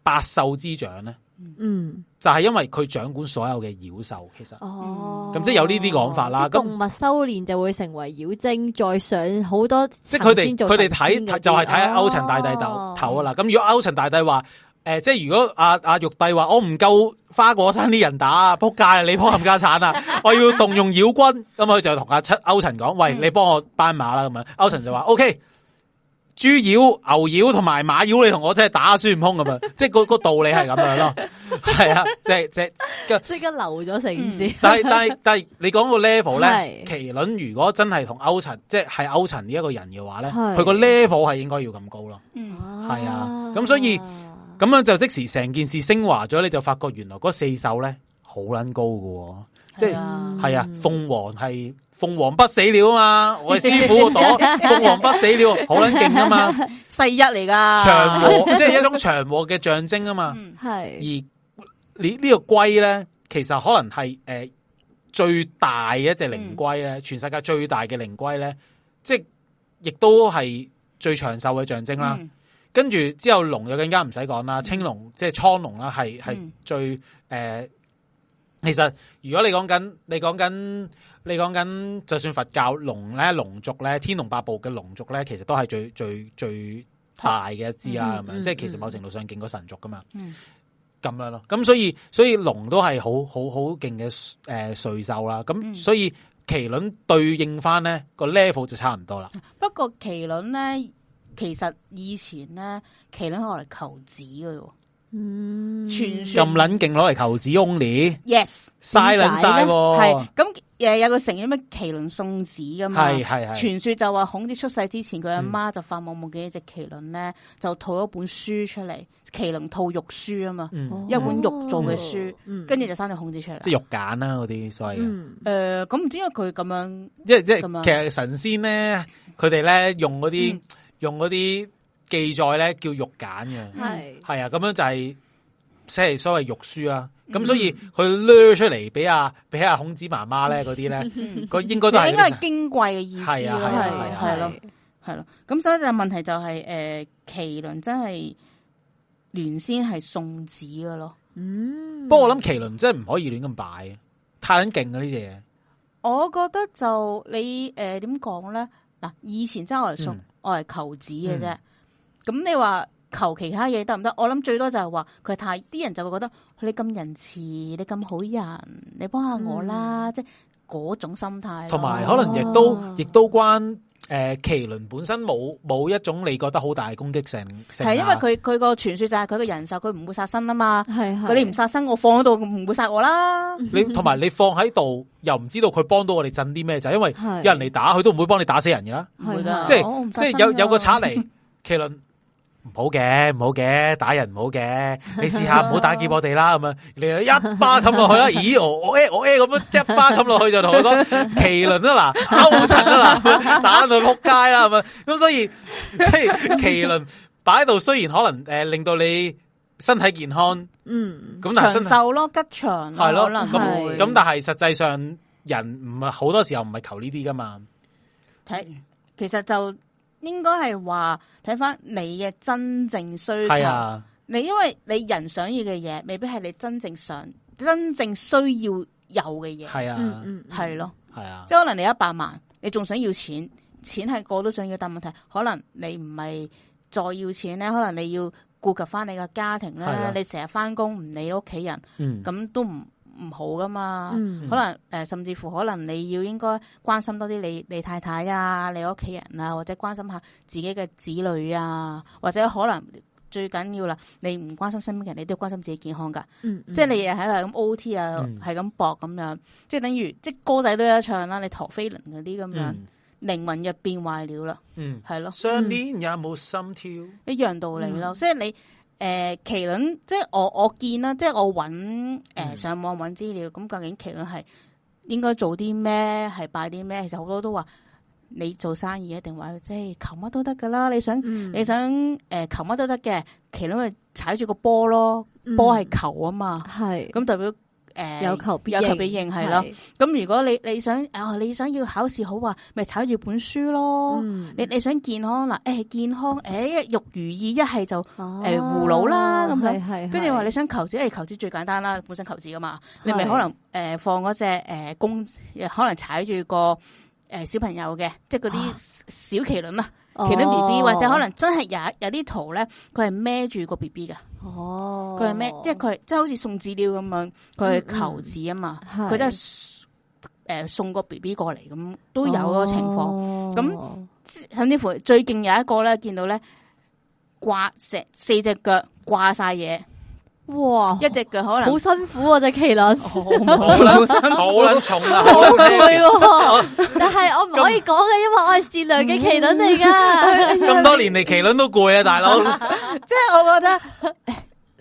百獸之長咧，嗯，就係因為佢掌管所有嘅妖獸，其實哦，咁即係有呢啲講法啦。動物修煉就會成為妖精，那再上好多，即係佢哋佢哋睇就係睇歐陳大帝頭頭啦。咁如果歐陳大帝話，誒，即係如果阿阿玉帝話我唔夠花果山啲人打，仆街啊，你撲冚家鏟啊，我要動用妖君。」咁佢就同阿七歐陳講，喂，的你幫我班馬啦，咁樣，歐陳就話 O K。的豬妖、牛妖同埋馬妖，你同我真係打孫悟空咁樣，即係個道理係咁樣咯，係啊，即係即即刻留咗成件事。但係但係但係，你講個 level 咧，麒麟如果真係同歐陳，即係係歐陳呢一個人嘅話咧，佢個 level 係應該要咁高咯，係啊，咁所以咁樣就即時成件事升華咗，你就發覺原來嗰四首咧好撚高喎。即係係啊，鳳凰係。鳳凰不死鳥啊嘛，我師父朵鳳 凰不死鳥好撚勁啊嘛，細一嚟噶，長和即係、就是、一種長和嘅象徵啊嘛，係、嗯、而你呢個龜咧，其實可能係誒、呃、最大嘅一隻靈龜咧，嗯、全世界最大嘅靈龜咧，即係亦都係最長壽嘅象徵啦。嗯、跟住之後龍又更加唔使講啦，青龍、嗯、即係蒼龍啦，係係最誒、呃，其實如果你講緊你講緊。你講緊就算佛教龍咧龍族咧天龍八部嘅龍族咧其實都係最最最大嘅一支啦咁樣，嗯嗯嗯、即係其實某程度上勁過神族噶嘛，咁、嗯、樣咯。咁所以所以龍都係好好好勁嘅誒瑞獸啦。咁所以麒麟對應翻咧個 level 就差唔多啦。嗯、不過麒麟咧其實以前咧麒麟係我嚟求子喎。嗯，傳說咁卵勁攞嚟求子 only，yes，晒卵晒，係咁誒，有個成語咩？麒麟送子噶嘛，係係係。傳說就話孔子出世之前，佢阿媽就發夢夢見一隻麒麟咧，就套咗本書出嚟，麒麟套玉書啊嘛，一本玉做嘅書，跟住就生咗孔子出嚟，即係玉簡啦嗰啲，所以誒，咁唔知點解佢咁樣，即係即係咁樣其實神仙咧，佢哋咧用嗰啲用嗰啲。記載咧叫玉簡嘅，係係是啊，咁樣就係即係所謂玉書啦。咁、嗯、所以佢掠出嚟，俾阿俾阿孔子媽媽咧嗰啲咧，應該都係應該係矜貴嘅意思的是啊，係咯、啊，係咯、啊。咁所以就問題就係、是、誒、呃，麒麟真係聯先係送子嘅咯。嗯，不過我諗麒麟真係唔可以亂咁擺，太捻勁啊呢隻嘢。我覺得就你誒點講咧？嗱，以前真係我係送、嗯、我係求子嘅啫。嗯咁你話求其他嘢得唔得？我諗最多就係話佢太啲人就會覺得你咁仁慈，你咁好人，你幫下我啦，嗯、即係嗰種心態。同埋可能亦都亦都關誒，麒麟本身冇冇一種你覺得好大嘅攻擊性。係因為佢佢個傳說就係佢個仁獸，佢唔會殺身啊嘛。係佢是你唔殺身，我放喺度唔會殺我啦。你同埋你放喺度又唔知道佢幫到我哋震啲咩，就係因為有人嚟打佢都唔會幫你打死人嘅啦，的即係、哦、即係有有個賊嚟麒麟。 唔好嘅，唔好嘅，打人唔好嘅，你試下唔好打劫我哋啦，咁啊，你一巴冚落去啦，咦，我我 A 我 A 咁樣一巴冚落去就同佢講麒麟啦，嗱，歐神啦，打到撲街啦，咁樣。咁所以即係麒麟擺喺度，擺雖然可能誒令到你身體健康，嗯，咁但係長壽咯，吉祥係咯，咁咁 但係實際上人唔係好多時候唔係求呢啲噶嘛，睇，其實就。應該係話睇翻你嘅真正需要。係啊，你因為你人想要嘅嘢，未必係你真正想、真正需要有嘅嘢。係啊，嗯嗯，係、嗯、咯，係啊。即係可能你一百萬，你仲想要錢？錢係個個都想要，但係問題可能你唔係再要錢咧，可能你要顧及翻你個家庭啦、啊、你成日翻工唔理屋企人，咁、嗯、都唔。唔好噶嘛，嗯、可能誒、呃，甚至乎可能你要應該關心多啲你你太太啊，你屋企人啊，或者關心下自己嘅子女啊，或者可能最緊要啦，你唔關心身邊嘅人，你都要關心自己健康噶，嗯、即係你日日喺度咁 O T 啊，係咁搏咁樣，即係等於即係歌仔都有得唱啦、啊，你陀飛輪嗰啲咁樣，靈、嗯、魂入邊壞了啦，係、嗯、咯，上邊又冇心跳，一樣、嗯、道理咯，嗯、所以你。誒，麒麟、呃、即係我我見啦，即係我揾誒、呃、上網揾資料，咁、嗯、究竟麒麟係應該做啲咩？係擺啲咩？其實好多都話你做生意啊，定話即係求乜都得噶啦。你想、嗯、你想誒、呃、求乜都得嘅，麒麟咪踩住個波咯，波係、嗯、球啊嘛，係咁代表。有求必有求必應，係咯，咁的如果你你想啊、哦，你想要考試好話，咪踩住本書咯。你、嗯，你想健康嗱，誒、哎，健康，誒、哎，玉如意一係就誒葫蘆啦咁樣，跟住話你想求子，誒的求子最簡單啦，本身求子噶嘛的你咪可能誒、呃，放嗰隻誒公，可能踩住個誒小朋友嘅，啊、即係嗰啲小麒麟啦，啊、麒麟 B B，或者可能真係有有啲圖咧，佢係孭住個 B B 㗎。哦，佢係咩？即係佢，即係好似送資料咁樣，佢係求子啊嘛，佢都係誒送個 B B 過嚟咁，都有嗰個情況。咁、哦、甚至乎最勁有一個咧，見到咧掛石，四隻腳掛晒嘢。哇！一隻腳可能好辛苦喎、啊，隻麒麟。好辛好辛重啊！好攰喎，但係我唔可以講嘅，因為我係善良嘅麒麟嚟㗎。咁 多年嚟，麒麟都攰啊，大佬。即係我覺得。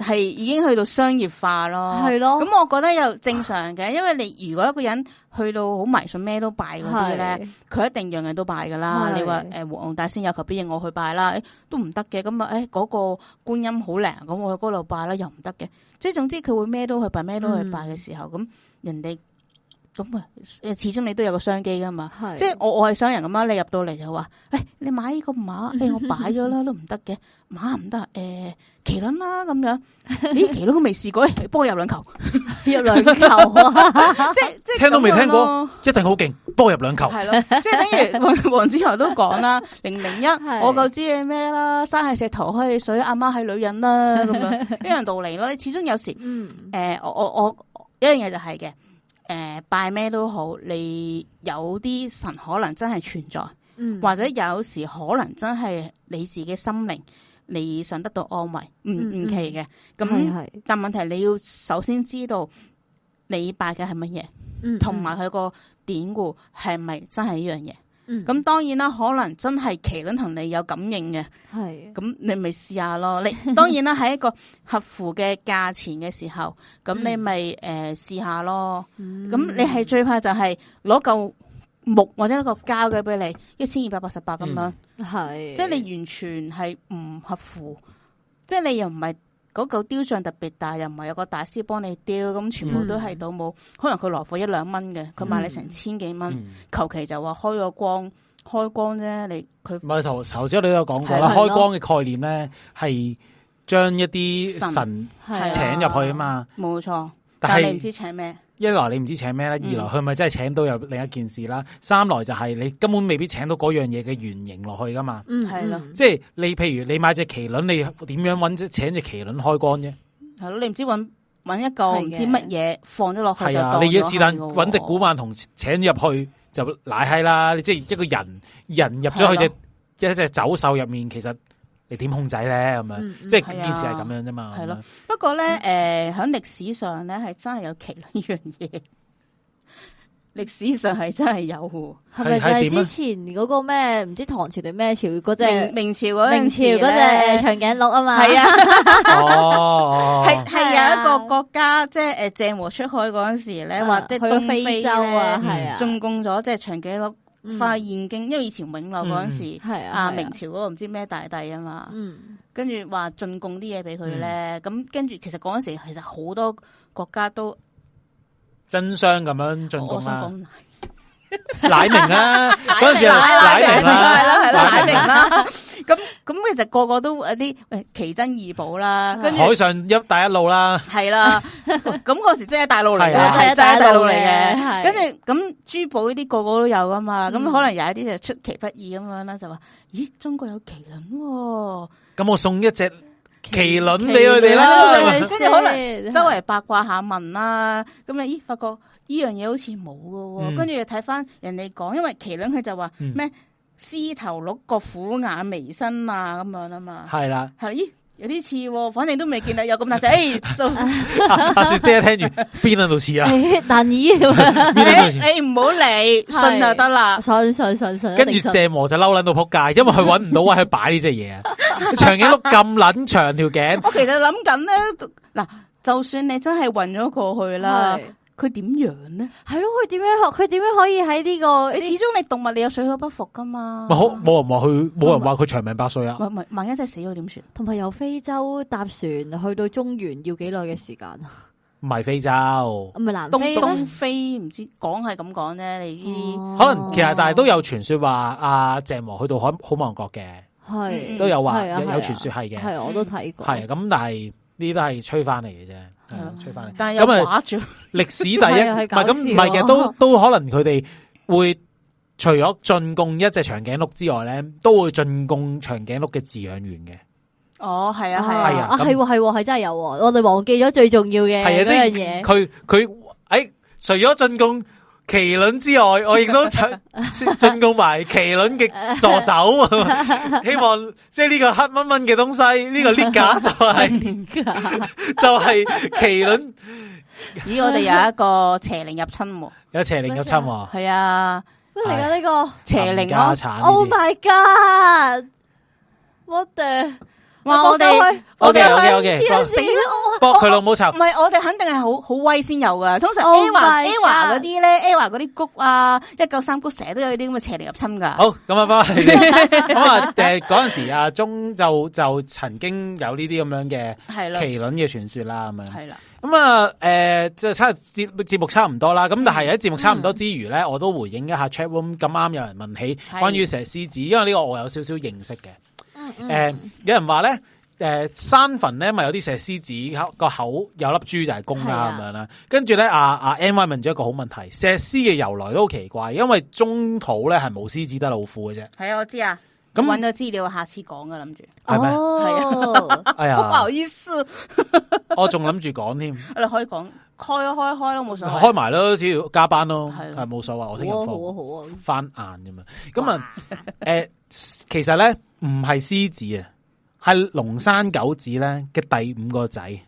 係已經去到商業化咯，咁咯我覺得又正常嘅，因為你如果一個人去到好迷信咩都拜嗰啲咧，佢是一定樣樣都拜㗎啦。是你話誒黃大仙有求必應，我去拜啦，欸、都唔得嘅。咁啊嗰個觀音好靈，咁我去嗰度拜啦，又唔得嘅。即係總之佢會咩都去拜，咩都去拜嘅時候，咁、嗯、人哋。咁啊，始終你都有個商機噶嘛，是的 即係我我係商人咁樣，你入到嚟就話，誒、欸，你買呢個馬誒、欸，我擺咗啦都唔得嘅，馬唔得，誒、欸，麒麟啦咁樣，咦、欸，麒麟都未試過，你、欸、幫我入兩球， 入兩球、啊 即，即係即係，聽都未聽過，一定好勁，幫我入兩球，係咯，即係等於黃黃子華都講啦，零零一，我夠知你咩啦，山係石頭，海係水，阿媽係女人啦，咁樣一樣道理咯，你始終有時，誒、欸，我我我，我，一樣嘢就係、是、嘅。誒、呃，拜咩都好，你有啲神可能真係存在，嗯、或者有時可能真係你自己心靈，你想得到安慰，唔唔、嗯嗯、奇嘅。咁但問題你要首先知道你拜嘅係乜嘢，同埋佢個典故係咪真係呢樣嘢？咁、嗯、當然啦，可能真係麒麟同你有感應嘅，係咁是的 你咪試下咯。你當然啦，喺 一個合乎嘅價錢嘅時候，咁你咪誒試下咯。咁、嗯、你係最怕就係攞嚿木或者一個膠嘅俾你一千二百八十八咁樣，係即係你完全係唔合乎，即、就、係、是、你又唔係。嗰嚿雕像特別大，又唔係有個大師幫你雕，咁全部都係倒模。嗯、可能佢來貨一兩蚊嘅，佢賣你成千幾蚊，求其、嗯、就話開個光，開光啫。你佢唔係頭頭先你都有講過啦，的開光嘅概念咧係將一啲神請入去啊嘛，冇是錯。但係你唔知請咩？一來你唔知請咩咧，嗯、二來佢咪真係請到又另一件事啦，嗯、三來就係你根本未必請到嗰樣嘢嘅原型落去噶嘛。嗯，係啦，即係你譬如你買隻麒麟，你點樣搵隻請隻麒麟開關啫？係咯、嗯，你唔知搵揾一個唔知乜嘢放咗落去就。啊，你要果是但揾隻古曼童請入去就奶閪啦。嗯、你即係一個人人入咗去隻一隻走獸入面，其實。你點控制咧咁樣？即係件事係咁樣啫嘛。係咯，不過咧，誒，喺歷史上咧係真係有奇呢樣嘢。歷史上係真係有，係咪就係之前嗰個咩？唔知唐朝定咩朝？嗰隻明朝嗰明朝嗰隻長頸鹿啊嘛。係啊，係係有一個國家，即係誒鄭和出海嗰陣時咧，或者到非洲啊，係啊，進貢咗即係長頸鹿。塊、嗯、現經因為以前永樂嗰陣時，嗯、啊，啊明朝嗰個唔知咩大帝啊嘛，嗯、跟住話進貢啲嘢俾佢咧，咁、嗯、跟住其實嗰陣時其實好多國家都真相咁樣進貢啊。奶明啦，嗰時奶奶明啦，係啦係啦，奶明啦。咁咁其實個個都有啲奇珍異寶啦，海上一帶一路啦，係啦。咁嗰時即係大陸嚟嘅，即係大陸嚟嘅。跟住咁珠寶呢啲個個都有噶嘛。咁可能有一啲就出其不意咁樣啦，就話咦中國有麒麟，咁我送一隻麒麟俾佢哋啦。跟住可能周圍八卦下問啦，咁啊咦發覺。呢樣嘢好似冇噶，跟住又睇翻人哋講，因為麒麟佢就話咩獅頭鹿角虎眼眉身啊咁樣啊嘛，係啦係，咦有啲似，反正都未見到有咁大仔，阿雪姐聽住邊兩度似啊？但而，你唔好理，信就得啦，信信信信。跟住邪魔就嬲撚到撲街，因為佢搵唔到位去擺呢隻嘢啊！長頸鹿咁撚長條頸，我其實諗緊咧，嗱，就算你真係暈咗過去啦。佢點養咧？係咯，佢點樣學？佢點樣可以喺呢、這個？你始終你動物，你有水土不服噶嘛？嗯、好冇人話佢，冇人話佢長命百歲啊！唔係，萬一真係死咗點算？同埋由非洲搭船去到中原要幾耐嘅時間啊？唔係非洲，唔係、啊、南非咧？東東非唔知講係咁講啫？你啲、哦、可能其實但係都有傳說話阿鄭和去到海好望角嘅，係是、嗯、都有話、啊啊、有傳說係嘅，係、啊、我都睇過。係咁、啊，但係。呢啲都係吹翻嚟嘅啫，係吹翻嚟。但係又，假住，歷史第一，唔係咁，唔係嘅，都都可能佢哋會除咗進貢一隻長頸鹿之外咧，都會進貢長頸鹿嘅飼養員嘅。哦，係啊，係啊，係啊，係喎係係真係有，我哋忘記咗最重要嘅係啊，呢樣嘢。佢佢誒，除咗進貢。麒麟之外，我亦都進進攻埋麒麟嘅助手，希望即係呢個黑蚊蚊嘅東西，呢個呢架就係就係麒麟。咦，我哋有一個邪靈入侵喎，有邪靈入侵啊？係啊，咩嚟？噶呢個邪靈啊？Oh my god！What the？話我哋，我哋有嘅有嘅，搏佢老母唔係，我哋肯定係好好威先有噶。通常 A 華 A 嗰啲咧，A 華嗰啲谷啊，一九三谷成日都有啲咁嘅邪靈入侵噶。好咁啊，咁啊，誒，嗰陣時阿中就就曾經有呢啲咁樣嘅係咯，麒麟嘅傳說啦咁樣係啦。咁啊，誒，就差節節目差唔多啦。咁但係喺節目差唔多之餘咧，我都回應一下 chat room 咁啱有人問起關於蛇獅子，因為呢個我有少少認識嘅。誒、嗯呃，有人話咧，誒、呃，山墳咧咪有啲石獅子個口有粒珠就係公啦咁是、啊、樣啦，跟住咧阿阿 Amy 問咗一個好問題，石獅嘅由來都好奇怪，因為中土咧係無獅子得老虎嘅啫。係啊，我知啊，咁搵咗資料，下次講噶諗住，係咪？係嗎啊，好、 哎呀，唔好意思， 我仲諗住講添，你 可以講。開一開一開咯，冇所謂。開埋咯，只要加班咯，係冇的所謂。我聽日翻晏咁樣。咁啊，誒、啊，其實咧唔係獅子啊，係龍山九子咧嘅第五個仔，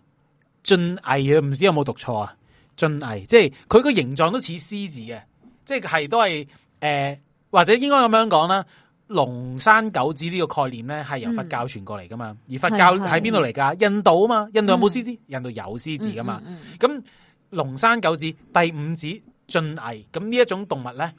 俊毅啊，唔知有冇讀錯啊？俊毅，即係佢個形狀都似獅子嘅，即、就、係、是、都係誒、呃，或者應該咁樣講啦。龍山九子呢個概念咧係由佛教傳過嚟噶嘛？嗯、而佛教喺邊度嚟噶？印度啊嘛，印度有冇獅子？嗯、印度有獅子噶嘛？咁、嗯嗯嗯。嗯龍生九子第五子狻猊，咁呢一種動物咧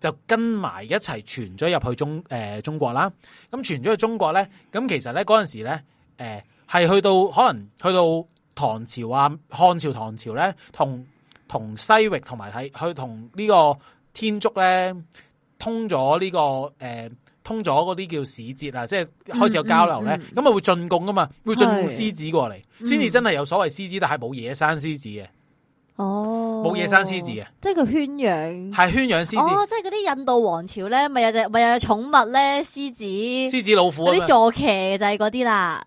就跟埋一齊傳咗入去中誒中國啦。咁傳咗去中國咧，咁其實咧嗰陣時咧，誒係去到可能去到唐朝啊、漢朝、唐朝咧，同同西域同埋係去同呢個天竺咧通咗呢個誒通咗嗰啲叫使節啊，即係開始有交流咧，咁啊會進貢㗎嘛，會進貢獅子過嚟，先至真係有所謂獅子，但係冇野生獅子嘅。哦，冇野生獅子啊，即係佢圈養，係圈養獅子。哦，即係嗰啲印度王朝咧，咪有隻咪有寵物咧，獅子、獅子老虎嗰啲坐騎就係嗰啲啦。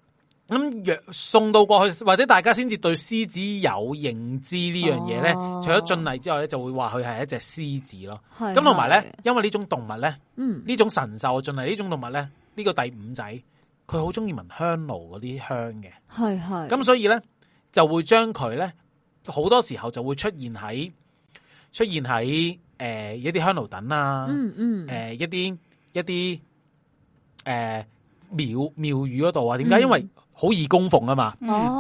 咁、嗯、送到過去，或者大家先至對獅子有認知呢樣嘢咧，哦、除咗進禮之外咧，就會話佢係一隻獅子咯。咁同埋咧，因為呢種動物咧，嗯，呢種神獸進禮呢種動物咧，呢、呢個第五仔佢好中意聞香爐嗰啲香嘅，係係是。咁所以咧就會將佢咧。好多時候就會出現喺出現喺誒、呃、一啲香爐等啊，誒、嗯嗯呃、一啲一啲誒廟廟宇嗰度啊？點解？嗯、因為好易供奉啊嘛！哦、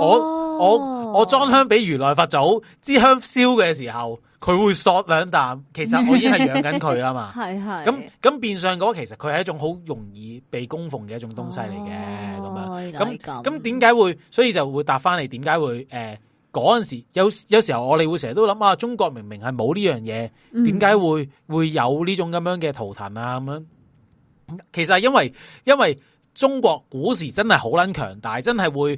我我我裝香俾如來佛祖支香燒嘅時候，佢會索兩啖。其實我已經係養緊佢啊嘛！係係咁咁變相嗰，其實佢係一種好容易被供奉嘅一種東西嚟嘅。咁、哦、樣咁咁點解會？所以就會回答翻嚟。點解會誒？呃嗰陣時有有時候我哋會成日都諗啊，中國明明係冇呢樣嘢，點解會會有呢種咁樣嘅圖騰啊咁樣？其實係因為因為中國古時真係好捻強大，真係會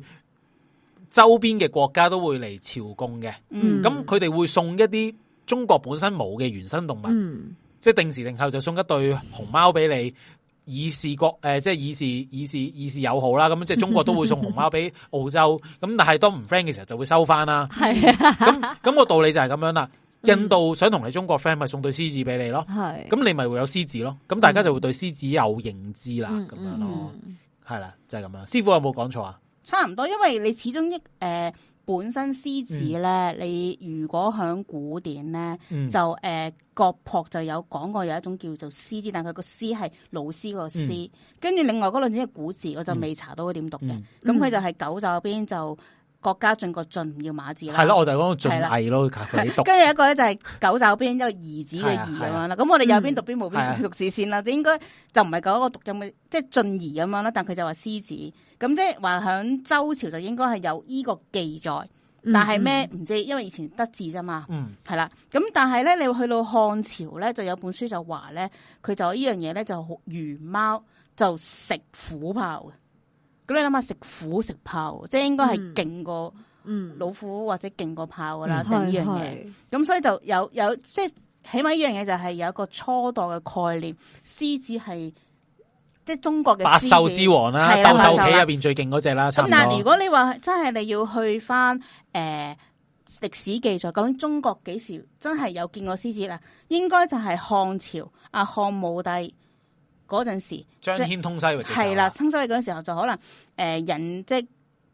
周邊嘅國家都會嚟朝貢嘅。咁佢哋會送一啲中國本身冇嘅原生動物，嗯、即係定時定候就送一對熊貓俾你。以示國誒、呃，即係以示以示以示友好啦，咁即係中國都會送熊貓俾澳洲，咁 但係都唔 friend 嘅時候就會收翻啦。是啊、嗯，咁、那、咁個道理就係咁樣啦。印度想同你中國 friend 咪送對獅子俾你咯，係，咁你咪會有獅子咯，咁大家就會對獅子有認知啦，咁、嗯、樣咯，係啦、嗯嗯啊，就係、是、咁樣。師傅有冇講錯啊？差唔多，因為你始終一誒。呃本身獅子咧，你如果響古典咧，就誒郭璞就有講過有一種叫做獅子，但佢個師係老師個師，跟住另外嗰兩字係古字，我就未查到佢點讀嘅。咁佢就係狗爪邊就國家進個進要馬字啦。係咯，我就講個進義咯，佢讀。跟住一個咧就係狗爪邊一個兒子嘅兒咁樣啦。咁我哋有邊讀邊冇邊讀字先啦。應該就唔係講個讀咁嘅，即係進兒咁樣啦。但佢就話獅子。咁即係話響周朝就應該係有依個記載，嗯、但係咩唔知，因為以前得字啫嘛，係啦、嗯。咁但係咧，你去到漢朝咧，就有本書就話咧，佢就依樣嘢咧就好如貓就食虎豹嘅。咁你諗下食虎食豹，即係應該係勁過嗯老虎或者勁過豹噶啦，定呢樣嘢。咁、嗯、所以就有有即係起碼呢樣嘢就係有一個初代嘅概念，獅子係。即係中國嘅百獸之王啦、啊，鬥獸、啊、棋入邊最勁嗰隻啦，差唔多。咁但如果你話真係你要去翻誒歷史記載，究竟中國幾時真係有見過獅子啦？應該就係漢朝啊，是啊，漢武帝嗰陣時，張騫通西域啦，春秋嗰陣時候就可能誒、呃、人即。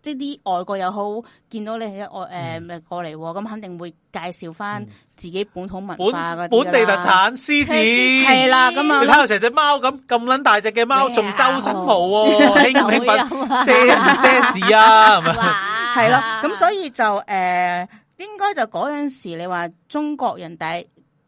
即啲外國又好，見到你係外誒咪過嚟，咁、嗯、肯定會介紹返自己本土文化嘅、嗯、本地特產獅子，係啦子，咁啊子，你睇到成隻貓咁咁撚大隻嘅貓，仲、哦、周身毛喎、啊，你唔興奮？咩事呀、啊？係咯哇，咁 所以就誒、呃，應該就嗰陣時，你話中國人第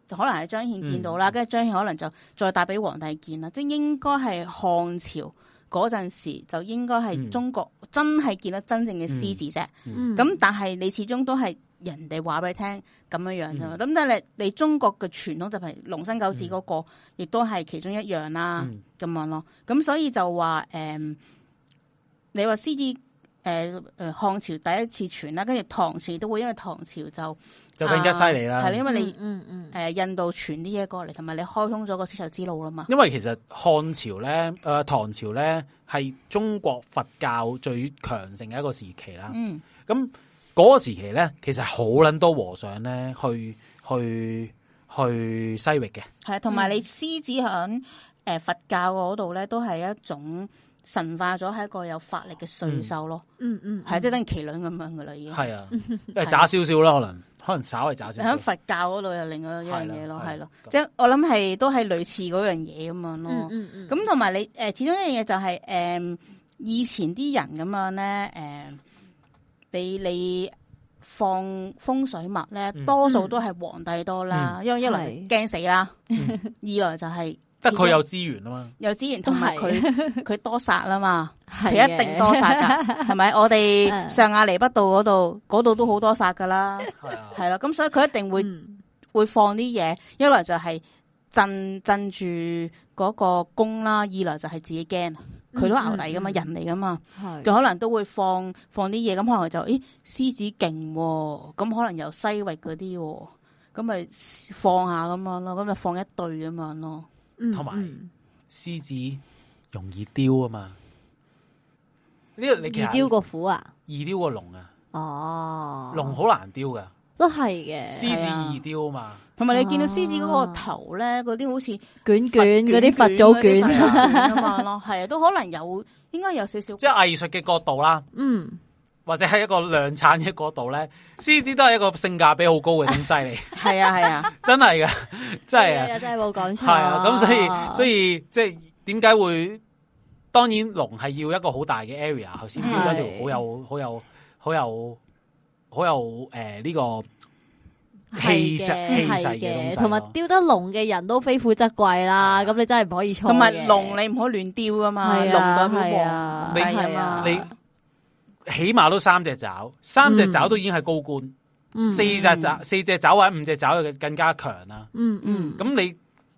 可能係張騫見到啦，跟住、嗯、張騫可能就再帶俾皇帝見啦，即應該係漢朝。嗰陣時就應該係中國真係見到真正嘅獅子啫，咁、嗯嗯、但係你始終都係人哋話俾你聽咁樣樣啫嘛。咁、嗯、但係你中國嘅傳統就係龍生九子嗰、那個，亦都係其中一樣啦，咁、嗯、樣咯。咁所以就話誒、嗯，你話獅子。誒誒、呃，漢朝第一次傳啦，跟住，唐朝都會，因為唐朝就就更加犀利啦，係、呃、因為你嗯嗯誒、呃、印度傳啲嘢過嚟，同埋你開通咗個絲綢之路啦嘛。因為其實漢朝咧，誒、呃、唐朝咧係中國佛教最強盛嘅一個時期啦。嗯，咁嗰個時期咧，其實好捻多和尚咧去去去西域嘅。係、嗯，同埋你獅子響誒佛教嗰度咧，都係一種。神化咗係一個有法力嘅瑞獸咯，嗯嗯，係即係等麒麟咁樣噶啦，已經係啊，因為渣少少啦，可能可能稍為渣少少。喺佛教嗰度又另外一樣嘢咯，係咯，即係我諗係都係類似嗰樣嘢咁樣咯。咁同埋你誒，始終一樣嘢就係誒，以前啲人咁樣咧，誒，你你放風水物咧，多數都係皇帝多啦，因為一來驚死啦，二嚟就係。得佢有資源啊嘛，有資源同埋佢佢多殺啊嘛，佢是的 一定多殺噶，係咪是的？我哋上亞尼不到嗰度，嗰度都好多殺噶啦，係啊是的，係啦。咁所以佢一定會、嗯、會放啲嘢，一來就係鎮鎮住嗰個弓啦，二來就係自己驚，佢都牛底噶嘛，嗯、人嚟噶嘛，是的 就可能都會放放啲嘢。咁可能就，咦，獅子勁喎、哦，咁可能由西域嗰啲喎，咁咪放下咁樣咯，咁咪放一對咁樣咯。同埋獅子容易雕啊嘛，呢個你見易雕過虎啊，易雕過龍啊。哦、啊，龍好難雕噶，都係嘅。獅子易雕啊嘛，同埋你見到獅子嗰個頭咧，嗰啲、啊、好似捲捲嗰啲佛祖捲啊嘛，咯係啊，都 可能有，應該有少少。即係藝術嘅角度啦。嗯。或者係一個量產嘅角度咧，獅子都係一個性價比好高嘅東西嚟。係啊係啊，真係噶，真係。係啊，真係冇講錯。係啊，咁所以所以即係點解會？當然龍係要一個好大嘅 area 頭先雕得好有好有好有好有誒呢個氣勢氣勢嘅，同埋雕得龍嘅人都非富則貴啦。咁你真係唔可以錯嘅。同埋龍你唔可以亂雕噶嘛，龍咁樣皇帝啊你。起碼都三隻爪，三隻爪都已經係高官，嗯、四隻爪、嗯、四隻爪或者五隻爪就更加強啦、嗯。嗯嗯，咁你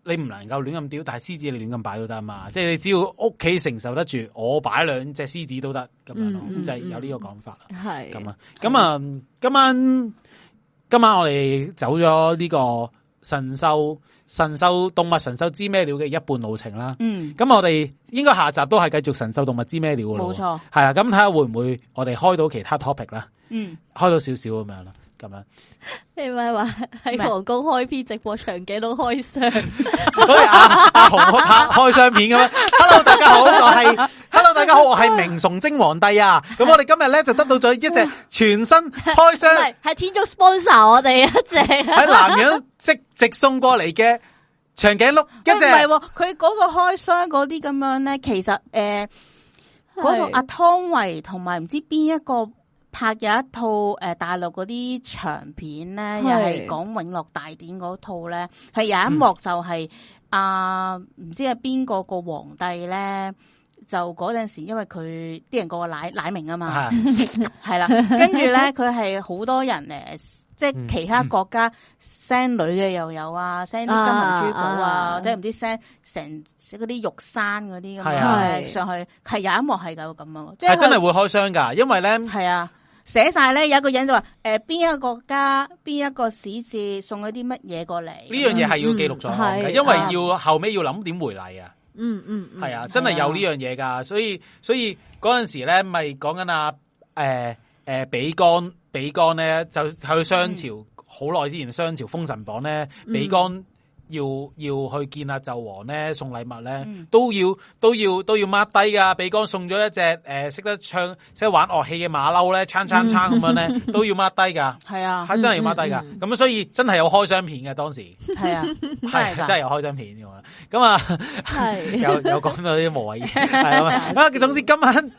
你唔能夠亂咁屌，但係獅子你亂咁擺都得嘛？即係你只要屋企承受得住，我擺兩隻獅子都得咁樣咯。咁就係有呢個講法啦。係咁啊，咁、嗯、啊那是，今晚今晚我哋走咗呢、這個。神獸、神獸動物、神獸知咩料嘅一半路程啦。嗯，咁我哋應該下集都係繼續神獸動物知咩料噶冇錯，係啦沒錯。咁睇下會唔會我哋開到其他 topic 啦。嗯，開到少少咁樣啦，咁樣。你咪話喺皇宮開 P 直播場幾度都開箱，阿阿紅拍開箱片咁樣 Hello。Hello，大家好，我係 Hello，大家好，我係明崇禎皇帝啊。咁 我哋今日咧就得到咗一隻全新開箱，係 天族 sponsor 我哋一隻喺男人。 即直，直送過嚟嘅長頸鹿，唔係佢嗰個開箱嗰啲咁樣咧，其實誒，個、呃、是阿湯唯同埋唔知邊一個拍有一套誒，大陸嗰啲長片咧，又係講永樂大典嗰套咧，係是有一幕就係、是嗯、啊，唔知係邊個個皇帝咧。就嗰陣時，因為佢啲人個奶奶名啊嘛，係啦、啊，跟住咧佢係好多人誒，即係 其他國家 send、嗯、女嘅又有啊，send 啲金銀珠寶啊，即係唔知 send 成嗰啲玉山嗰啲咁樣、啊、上去，係有一幕係搞到咁樣，即係、啊就是、真係會開箱噶，因為咧係啊，寫晒咧有一個人就話誒，邊、呃、一個國家邊一個使節送咗啲乜嘢過嚟？呢樣嘢係要記錄在案、嗯啊、因為要後尾要諗點回禮啊。嗯嗯，係、嗯、啊、嗯，真係有呢樣嘢噶，所以所以嗰陣時咧，咪講緊阿誒誒比干比干咧，就去商朝好耐、嗯、之前，《商朝封神榜》呢咧比干。要要去見阿紂王咧，送禮物咧，都要都要都要 mark 低噶。比干送咗一隻誒識得唱即係玩樂器嘅馬騮咧，撐撐撐咁樣咧，都要 mark 低噶。係啊，真係要 mark 低噶。咁啊，所以真係有開箱片嘅當時。係啊，係真係有開箱片嘅。咁啊，有有講到啲無謂嘢。啊，總之今晚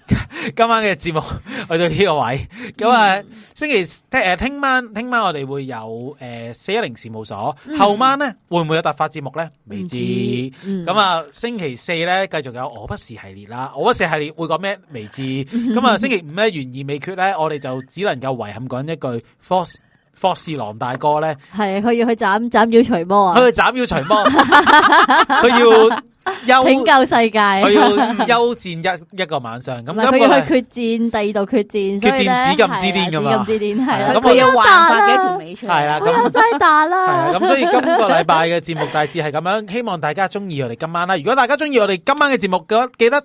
今晚嘅節目去到呢個位。咁啊，星期誒聽晚聽晚我哋會有誒四一零事務所。後晚咧會唔會？有突發節目咧，未知。咁啊、嗯，星期四咧繼續有我不是系列啦，我不是系列會講咩？未知。咁啊、嗯，星期五咧懸而未決咧，我哋就只能夠遺憾講一句，霍士霍士郎大哥咧，係佢要去斬斬妖除魔啊，佢去斬妖除魔，佢 要。拯救世界，佢要休戰一一個晚上，咁佢去決戰第二度決戰，決戰紫禁之巔咁啊，紫禁之巔係啦，冇辦法嘅幾條尾係啦，咁唔使打啦，係啊，咁所以今個禮拜嘅節目大致係咁樣，希望大家中意我哋今晚啦，如果大家中意我哋今晚嘅節目嘅話，記得。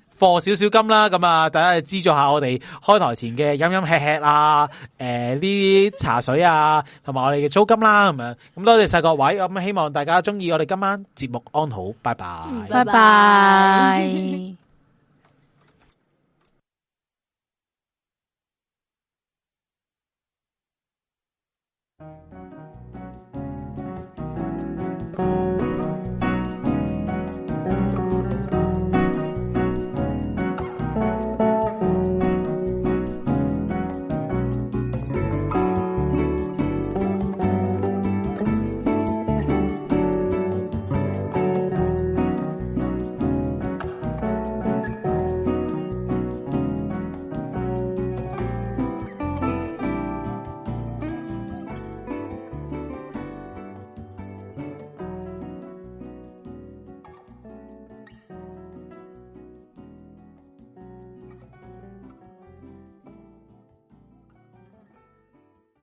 放少少金啦，咁啊，大家就資助下我哋開台前嘅飲飲吃吃啊，誒、呃，呢啲茶水啊，同埋我哋嘅租金啦、啊，咁樣，咁多謝晒各位，咁希望大家中意我哋今晚節目安好，拜拜，拜拜。拜拜